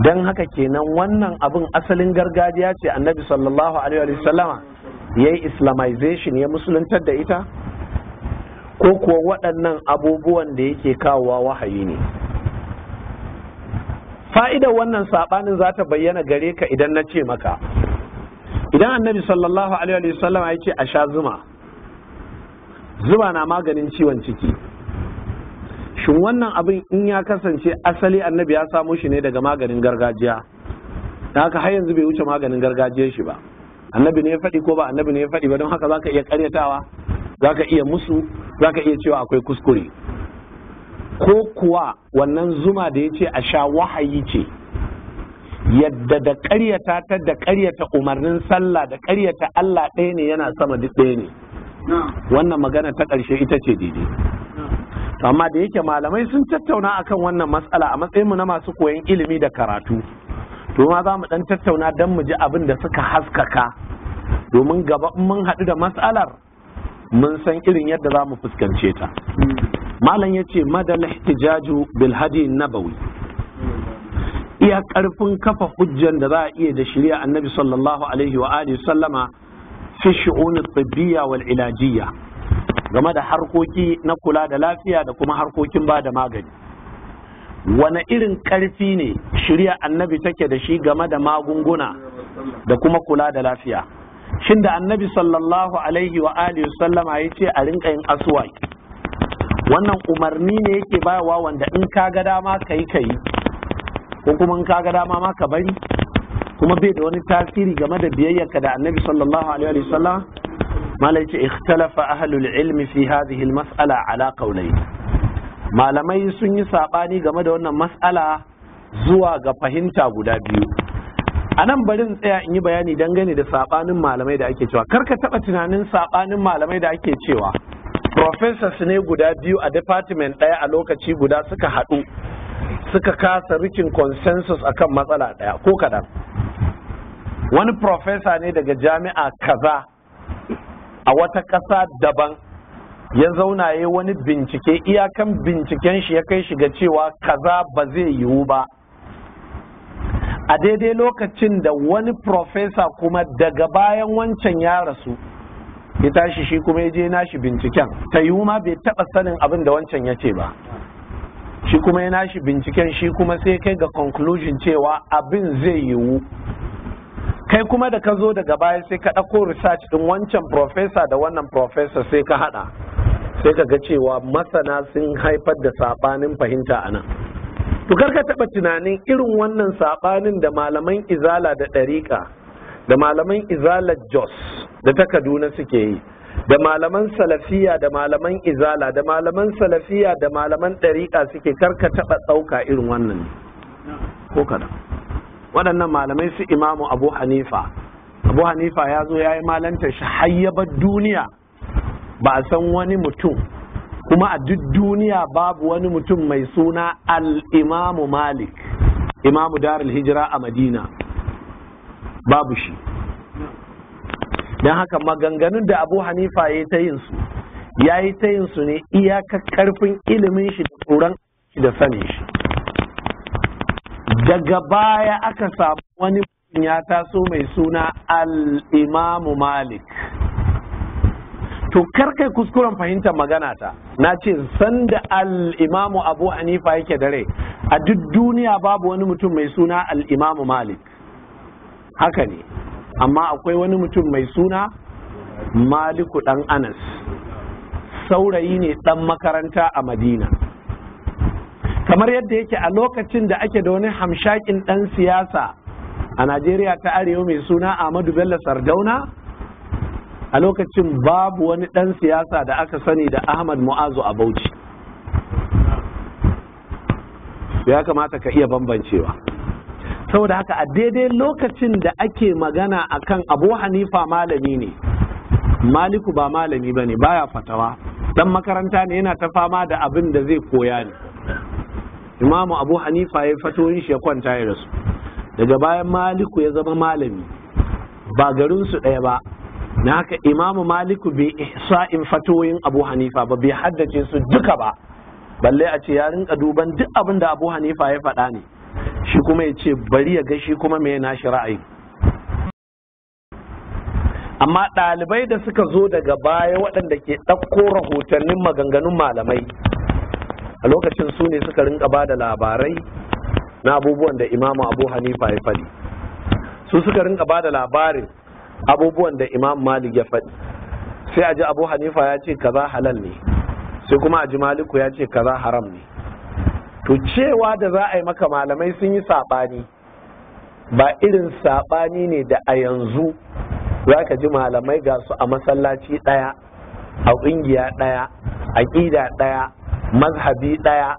don haka kenan wannan abin asalin gargajiya ce annabi sallallahu alaihi wa sallama ya yi islamization ya musuluntar da ita ko kuwa waɗannan abubuwan da yake kawowa wahayi ne fa'idar wannan saɓanin za ta bayyana gare ka idan na ce maka idan annabi sallallahu alaihi wasallam ya ce a sha zuma zuma na maganin ciwon ciki shin wannan abin in ya kasance asali annabi ya samo shi ne daga maganin gargajiya da haka har yanzu bai wuce maganin gargajiyar shi ba annabi ne ya faɗi ko ba annabi ne ya faɗi ba don haka zaka iya karyatawa zaka iya musu zaka iya cewa akwai kuskure ko kuwa wannan zuma da ya ce a sha wahayi ce yadda da karyata ta da karyata umarnin sallah da karyata Allah ɗaya ne yana sama duk ɗaya ne wannan magana ta ƙarshe ita ce daidai amma da yake malamai sun tattauna akan wannan matsala a matsayin mu na masu koyon ilimi da karatu to ma za mu dan tattauna don mu ji abin da suka haskaka domin gaba mun haɗu da matsalar mun san irin yadda za mu fuskance ta malam ya ce madal ihtijaju bil hadi nabawi iya karfin kafa hujjan da za a iya da shirya annabi sallallahu alaihi wa alihi sallama fi shu'unit tibbiya wal ilajiyya game da harkoki na kula da lafiya da kuma harkokin ba da magani wane irin ƙarfi ne shirya annabi take da shi game da magunguna da kuma kula da lafiya shin da annabi sallallahu alaihi wa alihi sallama ya ce a rinka yin aswai wannan umarni ne yake bayawa wanda in ka ga dama ka yi ka ko kuma in ka ga dama ma ka bari kuma bai da wani tasiri game da biyayyarka da annabi sallallahu alaihi wa sallama malai ce ikhtalafa ahlul ilmi fi hadhihi al-mas'ala ala qawlayn malamai sun yi saɓani game da wannan mas'ala zuwa ga fahimta guda biyu a nan bari in tsaya in yi bayani dangane da saɓanin malamai da ake cewa karka taɓa tunanin saɓanin malamai da ake cewa professors ne guda biyu a department ɗaya a lokaci guda suka haɗu suka kasa rikin consensus akan matsala ɗaya ko kaɗan wani professor ne daga jami'a kaza a wata ƙasa daban ya zauna ya wani bincike iyakan binciken shi ya kai shi ga cewa kaza ba zai yiwu ba a daidai lokacin da wani profesa kuma daga bayan wancan ya rasu ya tashi shi kuma ya je nashi binciken ta yiwu ma bai taɓa sanin abin da wancan ya ce ba shi kuma ya nashi binciken shi kuma sai kai ga conclusion cewa abin zai yiwu kai kuma da ka zo daga baya sai ka ɗauko research ɗin wancan professor da wannan professor sai ka haɗa sai ka ga cewa masana sun haifar da saɓanin fahimta a nan to ka taɓa tunanin irin wannan saɓanin da malaman izala da ɗariƙa da malaman izala jos da ta kaduna suke yi da malaman salafiya da malaman izala da malaman salafiya da malaman ɗariƙa suke karka taɓa ɗauka irin wannan ko kaɗan waɗannan malamai su imamu abu hanifa abu hanifa ya zo ya yi malanta shi hayyabar duniya ba a san wani mutum kuma a duk duniya babu wani mutum mai suna al malik imamu darul hijira a madina babu shi don haka maganganun da abu hanifa ya yi ta yin su ya yi ta yin su ne iyakar karfin ilimin shi da tsoron da sanin shi daga baya aka samu wani ya taso mai suna Al'imamu malik to karkai kuskuren fahimtar magana ta na ce sanda al-imamu abu hanifa yake dare a duk duniya babu wani mutum mai suna Al'imamu malik haka ne amma akwai wani mutum mai suna maliku dan anas saurayi ne dan makaranta a madina kamar yadda yake a lokacin da ake da wani hamshakin ɗan siyasa a najeriya ta arewa mai suna ahmadu bello sardauna a lokacin babu wani ɗan siyasa da aka sani da ahmad mu'azu a bauchi ya kamata ka iya bambancewa saboda haka a daidai lokacin da ake magana akan abu hanifa malami ne maliku ba malami ba ne baya fatawa dan makaranta ne yana ta fama da abin da zai koya ne imamu abu hanifa ya fatoyin shi ya kwanta ya rasu daga bayan maliku ya zama malami ba garinsu ɗaya ba na haka imamu maliku bai ihsa'in fatoyin abu hanifa ba bai haddace su duka ba balle a ce ya rinka duban duk abin da abu hanifa ya faɗa ne shi kuma ya ce bari ya ga kuma mai nashi ra'ayi amma ɗalibai da suka zo daga baya waɗanda ke ɗauko rahotannin maganganun malamai a lokacin su ne suka rinka ba da labarai na abubuwan da imamu abu hanifa ya faɗi su suka rinka ba da labarin abubuwan da imam malik ya faɗi sai a ji abu hanifa ya ce kaza halal ne sai kuma a ji maliku ya ce kaza haram ne to cewa da za a yi maka malamai sun yi saɓani ba irin saɓani ne da a yanzu za ka ji malamai ga su a masallaci ɗaya a ƙungiya ɗaya a ƙida ɗaya mazhabi ɗaya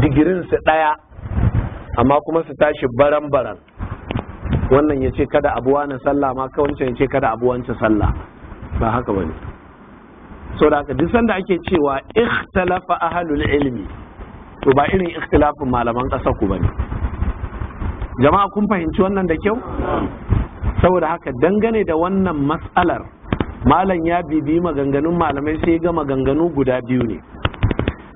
digirinsu ɗaya amma kuma su tashi baran-baran wannan ya ce kada abu wani sallah ma kawancan ya ce kada abu wancan sallah ba haka ba ne so da haka duk sanda ake cewa ikhtalafa ahalul ilmi to ba irin ikhtilafin malaman ƙasa ku ba ne jama'a kun fahimci wannan da kyau saboda haka dangane da wannan matsalar malam ya bibi maganganun malamai sai gama ganganu guda biyu ne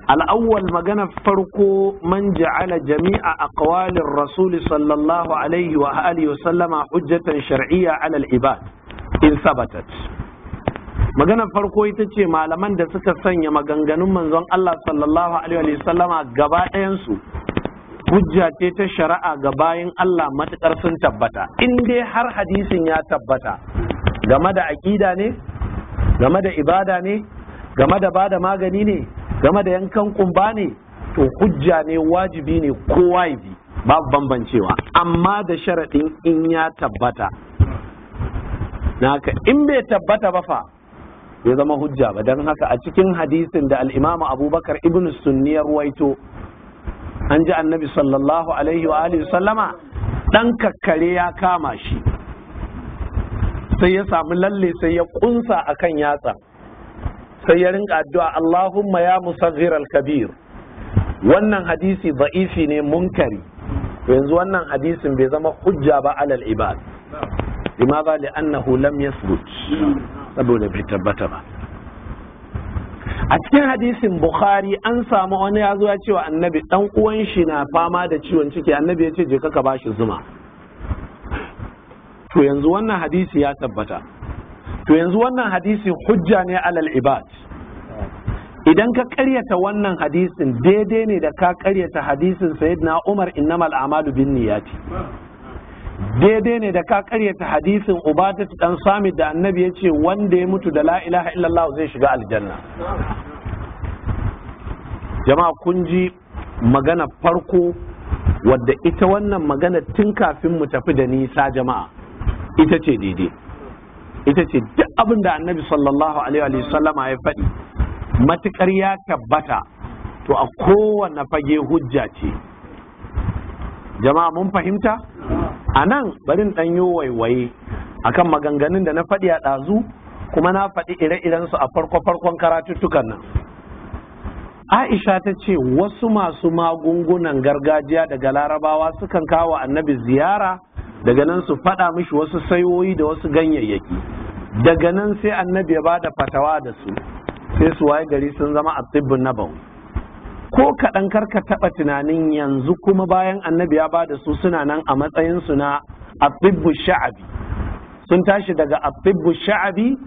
al'awwal magana farko man ja'ala jami'a aqwalir rasuli sallallahu alaihi wa alihi wa sallama hujjatan shar'iyya ala al-ibad in sabatat magana farko ita ce malaman da suka sanya maganganun manzon Allah sallallahu alaihi wa sallama gaba ɗayan su hujja ce ta shari'a ga bayan Allah matukar sun tabbata in dai har hadisin ya tabbata game da aƙida ne game da ibada ne game da bada magani ne game da yankan kumba ne to hujja ne wajibi ne kowa ya bi babu bambancewa amma da sharaɗin in ya tabbata naka in bai tabbata ba fa ya zama hujja ba don haka a cikin hadisin da al'imamu abubakar ibn sunni ya an ji annabi sallallahu alaihi wa alihi sallama dan kakkare ya kama shi sai ya samu lalle sai ya kunsa akan yatsa sai ya rinka addu'a Allahumma ya musaghir al-kabir wannan hadisi za'ifi ne munkari yanzu wannan hadisin bai zama hujja ba alal ibad li annahu lam yasbut saboda bai tabbata ba a cikin hadisin bukhari an samu wani ya zo ya cewa annabi dan uwan shi na fama da ciwon ciki annabi ya ce je ka bashi zuma to yanzu wannan hadisi ya tabbata to yanzu wannan hadisin hujja ne alal ibad idan ka karyata wannan hadisin daidai ne da ka karyata hadisin sayyidina umar innamal amalu bin niyati daidai ne da ka karyata hadisin ubata dan samid da annabi yace wanda ya mutu da la ilaha illallah zai shiga aljanna jama'a kun ji magana farko wadda ita wannan magana tun kafin mu tafi da nisa jama'a ita ce daidai ita ce duk abin da annabi sallallahu alaihi wa sallama ya faɗi matukar ya tabbata to a kowane fage hujja ce jama'a mun fahimta a nan barin ɗan yi waiwaye akan maganganun da na faɗi a ɗazu kuma na faɗi ire-irensu a farko-farkon karatuttukan nan aisha ta ce wasu masu magungunan gargajiya daga larabawa sukan kawo annabi ziyara daga nan su faɗa mishi wasu sayoyi da wasu ganyayyaki daga nan sai annabi ya ba da fatawa da su sai su waye gari sun zama a tsibbin na bau ko kaɗan karka taɓa tunanin yanzu kuma bayan annabi ya ba da su suna nan a matsayinsu na a sha'abi sun tashi daga a sha'abi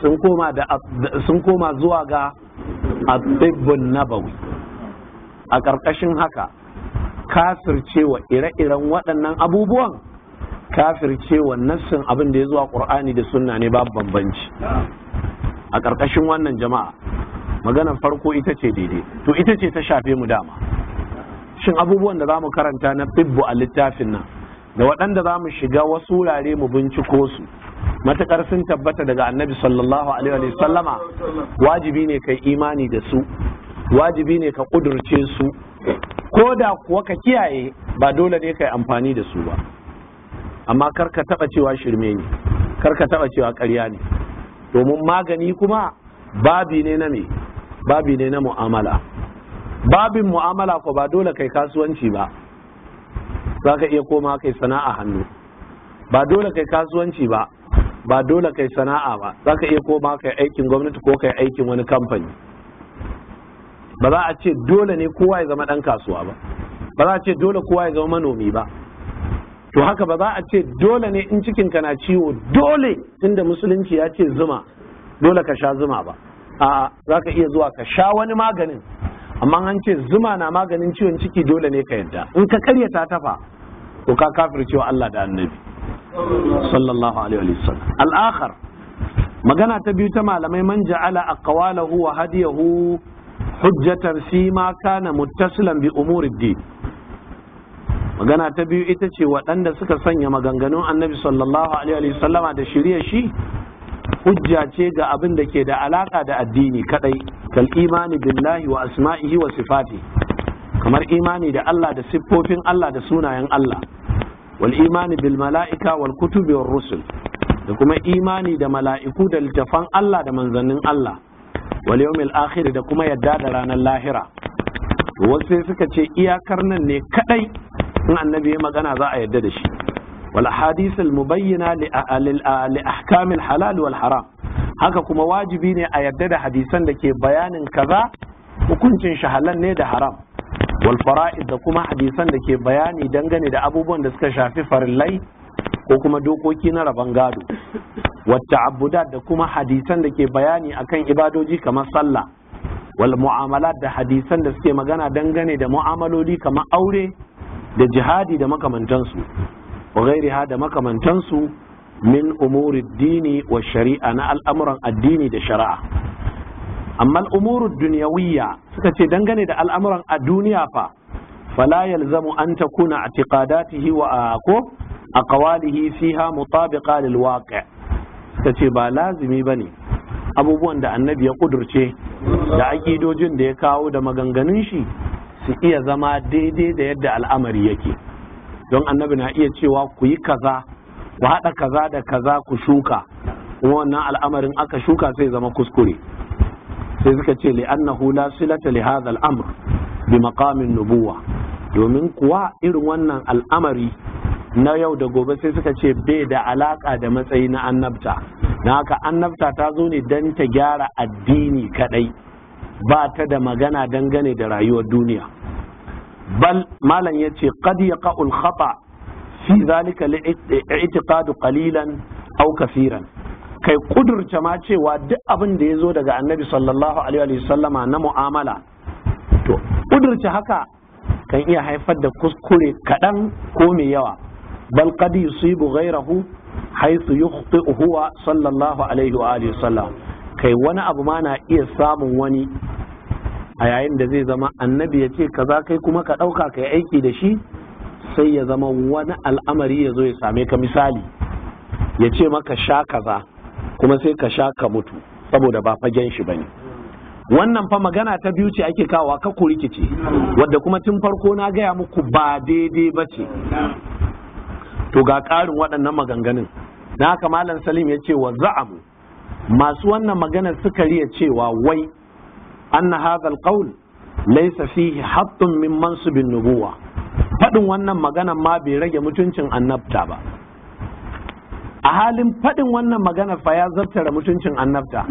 sun koma zuwa ga a nabawi a ƙarƙashin haka kasircewa ire-iren waɗannan abubuwan kafircewa nassin abin da ya zuwa qur'ani da sunna ne babu bambanci a ƙarƙashin wannan jama'a maganar farko ita ce daidai to ita ce ta shafe mu dama shin abubuwan da za mu karanta na bibbu a littafin nan da waɗanda za mu shiga wasu wurare mu binciko su matakar sun tabbata daga annabi sallallahu alaihi wa sallama wajibi ne kai imani da su wajibi ne ka ƙudurce su ko da kuwa ka kiyaye ba dole ne kai amfani da su ba amma kar ka taba cewa shirme ne kar ka taba cewa ƙarya ne domin magani kuma babi ne na me babi ne na mu'amala babin mu'amala ko ba dole kai kasuwanci ba za ka iya koma kai sana'a hannu ba dole kai kasuwanci ba ba dole kai sana'a ba za ka iya koma kai aikin gwamnati ko kai aikin wani kamfani ba za a ce dole ne kowa ya zama ɗan kasuwa ba ba za a ce dole kowa ya zama manomi ba to haka ba za a ce dole ne in cikinka na ciwo dole tunda musulunci ya ce zuma dole ka sha zuma ba a za ka iya zuwa ka sha wani maganin amma an ce zuma na maganin ciwon ciki dole ne ka yadda in ka karya ta tafa to ka cewa Allah da annabi sallallahu alaihi wa sallam al-akhar magana ta biyu ta malamai man ja'ala aqwalahu wa hadiyahu hujjatan fi ma kana muttasilan bi umuriddin magana ta biyu ita ce waɗanda suka sanya maganganun annabi sallallahu alaihi da shirya shi hujja ce ga abin da ke da alaka da addini kadai kal imani billahi wa asma'ihi wa sifati kamar imani da Allah da siffofin Allah da sunayen Allah wal imani bil mala'ika wal kutubi war rusul da kuma imani da mala'iku da littafan Allah da manzannin Allah wal yawmil akhir da kuma yadda da ranar lahira wasu suka ce iyakar nan ne kadai in annabi ya magana za a yarda da shi wal ahadith al mubayyana li ahkam al halal wal haram haka kuma wajibi ne a yarda da hadisan da ke bayanin kaza hukuncin shi halal ne da haram wal fara'id da kuma hadisan da ke bayani dangane da abubuwan da suka shafi farillai ko kuma dokoki na rabon gado wata abuda da kuma hadisan da ke bayani akan ibadoji kamar sallah wal mu'amalat da hadisan da suke magana dangane da mu'amaloli kamar aure da jihadi da makamantansu ha da makamantansu min umuri dini wa shari'a na al'amuran addini da shari'a amma al'umuru duniyawiyya suka ce dangane da al'amuran a duniya fa fala yalzamu an ta kuna takuna i'tiqadatihi wa ko aqwalihi fiha mutabiqa lil waqi' suka ce ba lazimi bane abubuwan da annabi ya kudurce da aƙidojin da ya kawo da maganganun shi su iya zama daidai da yadda al'amari yake don annabi na iya cewa ku yi kaza ku haɗa kaza da kaza ku shuka kuma wannan al'amarin aka shuka sai zama kuskure sai suka ce li'annahu la silata li hadha al'amr bi maqamin nubuwa domin kuwa irin wannan al'amari na yau da gobe sai suka ce bai da alaka da matsayi na annabta na haka annabta ta zo ne don ta gyara addini kadai ba ta da magana dangane da rayuwar duniya bal malam ya ce qad yaqa'ul khata fi zalika li'tiqadu qalilan aw kafiran kai kudurta ma cewa duk abin da ya zo daga annabi sallallahu alaihi wa sallama na mu'amala to kudurta haka kan iya haifar da kuskure kaɗan ko mai yawa bal qad yusibu ghayrahu haythu yukhti'u huwa sallallahu alaihi wa alihi wa sallam kai wani abu ma na iya samun wani a yayin da zai zama annabi ya ce kaza kai kuma ka ɗauka kai aiki da shi sai ya zama wani al'amari ya zo ya same ka misali ya ce maka sha kaza kuma sai ka sha ka mutu saboda ba fagen shi bane wannan fa magana ta biyu ce ake kawo ka ku rikice wadda kuma tun farko na gaya muku ba daidai ba ce to ga ƙarin waɗannan maganganun na haka malam salim ya ce wa za'amu masu wannan magana suka riya cewa wai anna hadha alqawl laysa fihi hattun min mansubin nubuwa fadin wannan magana ma bai rage mutuncin annabta ba a halin faɗin wannan magana fa ya zartara mutuncin annabta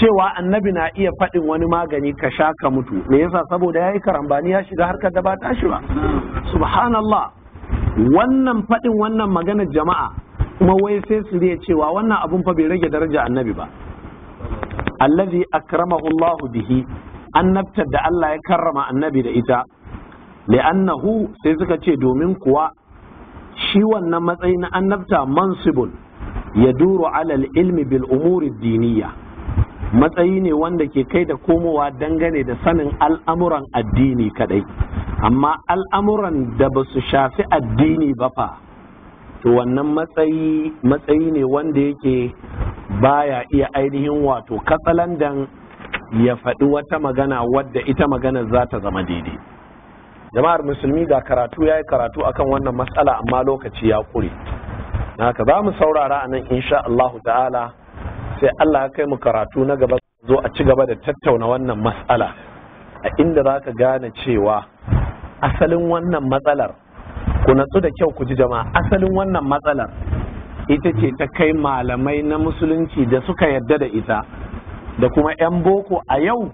cewa annabi na iya faɗin wani magani ka sha ka mutu me yasa saboda yayi karambani ya shiga harkar da ba ta shi ba subhanallah wannan faɗin wannan magana jama'a kuma wai sai su riya cewa wannan abun fa bai rage daraja annabi ba allazi akramahu Allah bihi annabtar da Allah ya karrama annabi da ita li'annahu sai suka ce domin kuwa shi wannan matsayi na annabta mansibul ya duru alal ilmi bil umuri diniya matsayi ne wanda ke kai da komowa dangane da sanin al'amuran addini kadai amma al'amuran da ba su shafi addini ba fa to wannan matsayi matsayi ne wanda yake baya iya ainihin wato katsalandan ya faɗi wata magana wadda ita magana za ta zama daidai jama'ar musulmi ga karatu ya yi karatu akan wannan matsala amma lokaci ya ƙure na haka za mu saurara a nan insha Allahu ta'ala sai Allah ya kai mu karatu na gaba zo a ci gaba da tattauna wannan matsala a inda za ka gane cewa asalin wannan matsalar ku natsu da kyau ku ji jama'a asalin wannan matsalar ita ce ta kai malamai na musulunci da suka yarda da ita da kuma 'yan boko a yau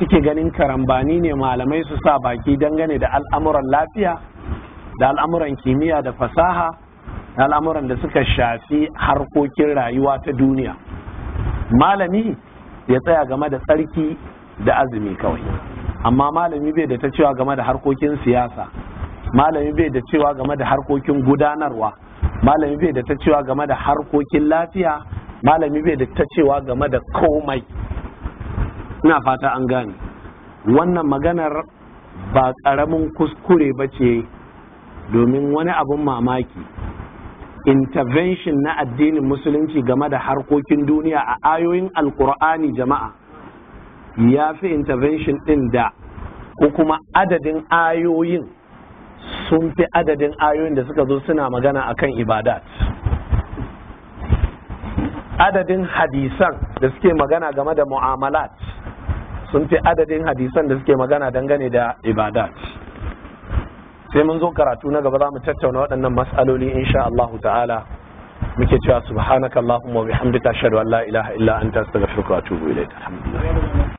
suke ganin karambani ne malamai su sa baki dangane da al'amuran lafiya da al'amuran kimiyya da fasaha da al'amuran da suka shafi harkokin rayuwa ta duniya malami ya tsaya game da tsarki da azumi kawai amma malami bai da ta cewa game da harkokin siyasa malami bai da cewa game da harkokin gudanarwa malami bai da ta cewa game da harkokin lafiya malami bai da ta cewa game da komai ina fata an gane wannan maganar ba ƙaramin kuskure ba ce domin wani abin mamaki intervention na addinin musulunci game da harkokin duniya a ayoyin alkur'ani jama'a ya fi intervention ɗin da ko kuma adadin ayoyin sun fi adadin ayoyin da suka zo suna magana akan ibadat adadin hadisan da suke magana game da mu'amalat sun fi adadin hadisan da suke magana dangane da ibadat sai mun zo karatu na gaba za mu tattauna waɗannan mas'aloli insha Allah ta'ala muke cewa subhanakallahumma wa bihamdika ashhadu an la ilaha illa anta astaghfiruka wa atubu ilayk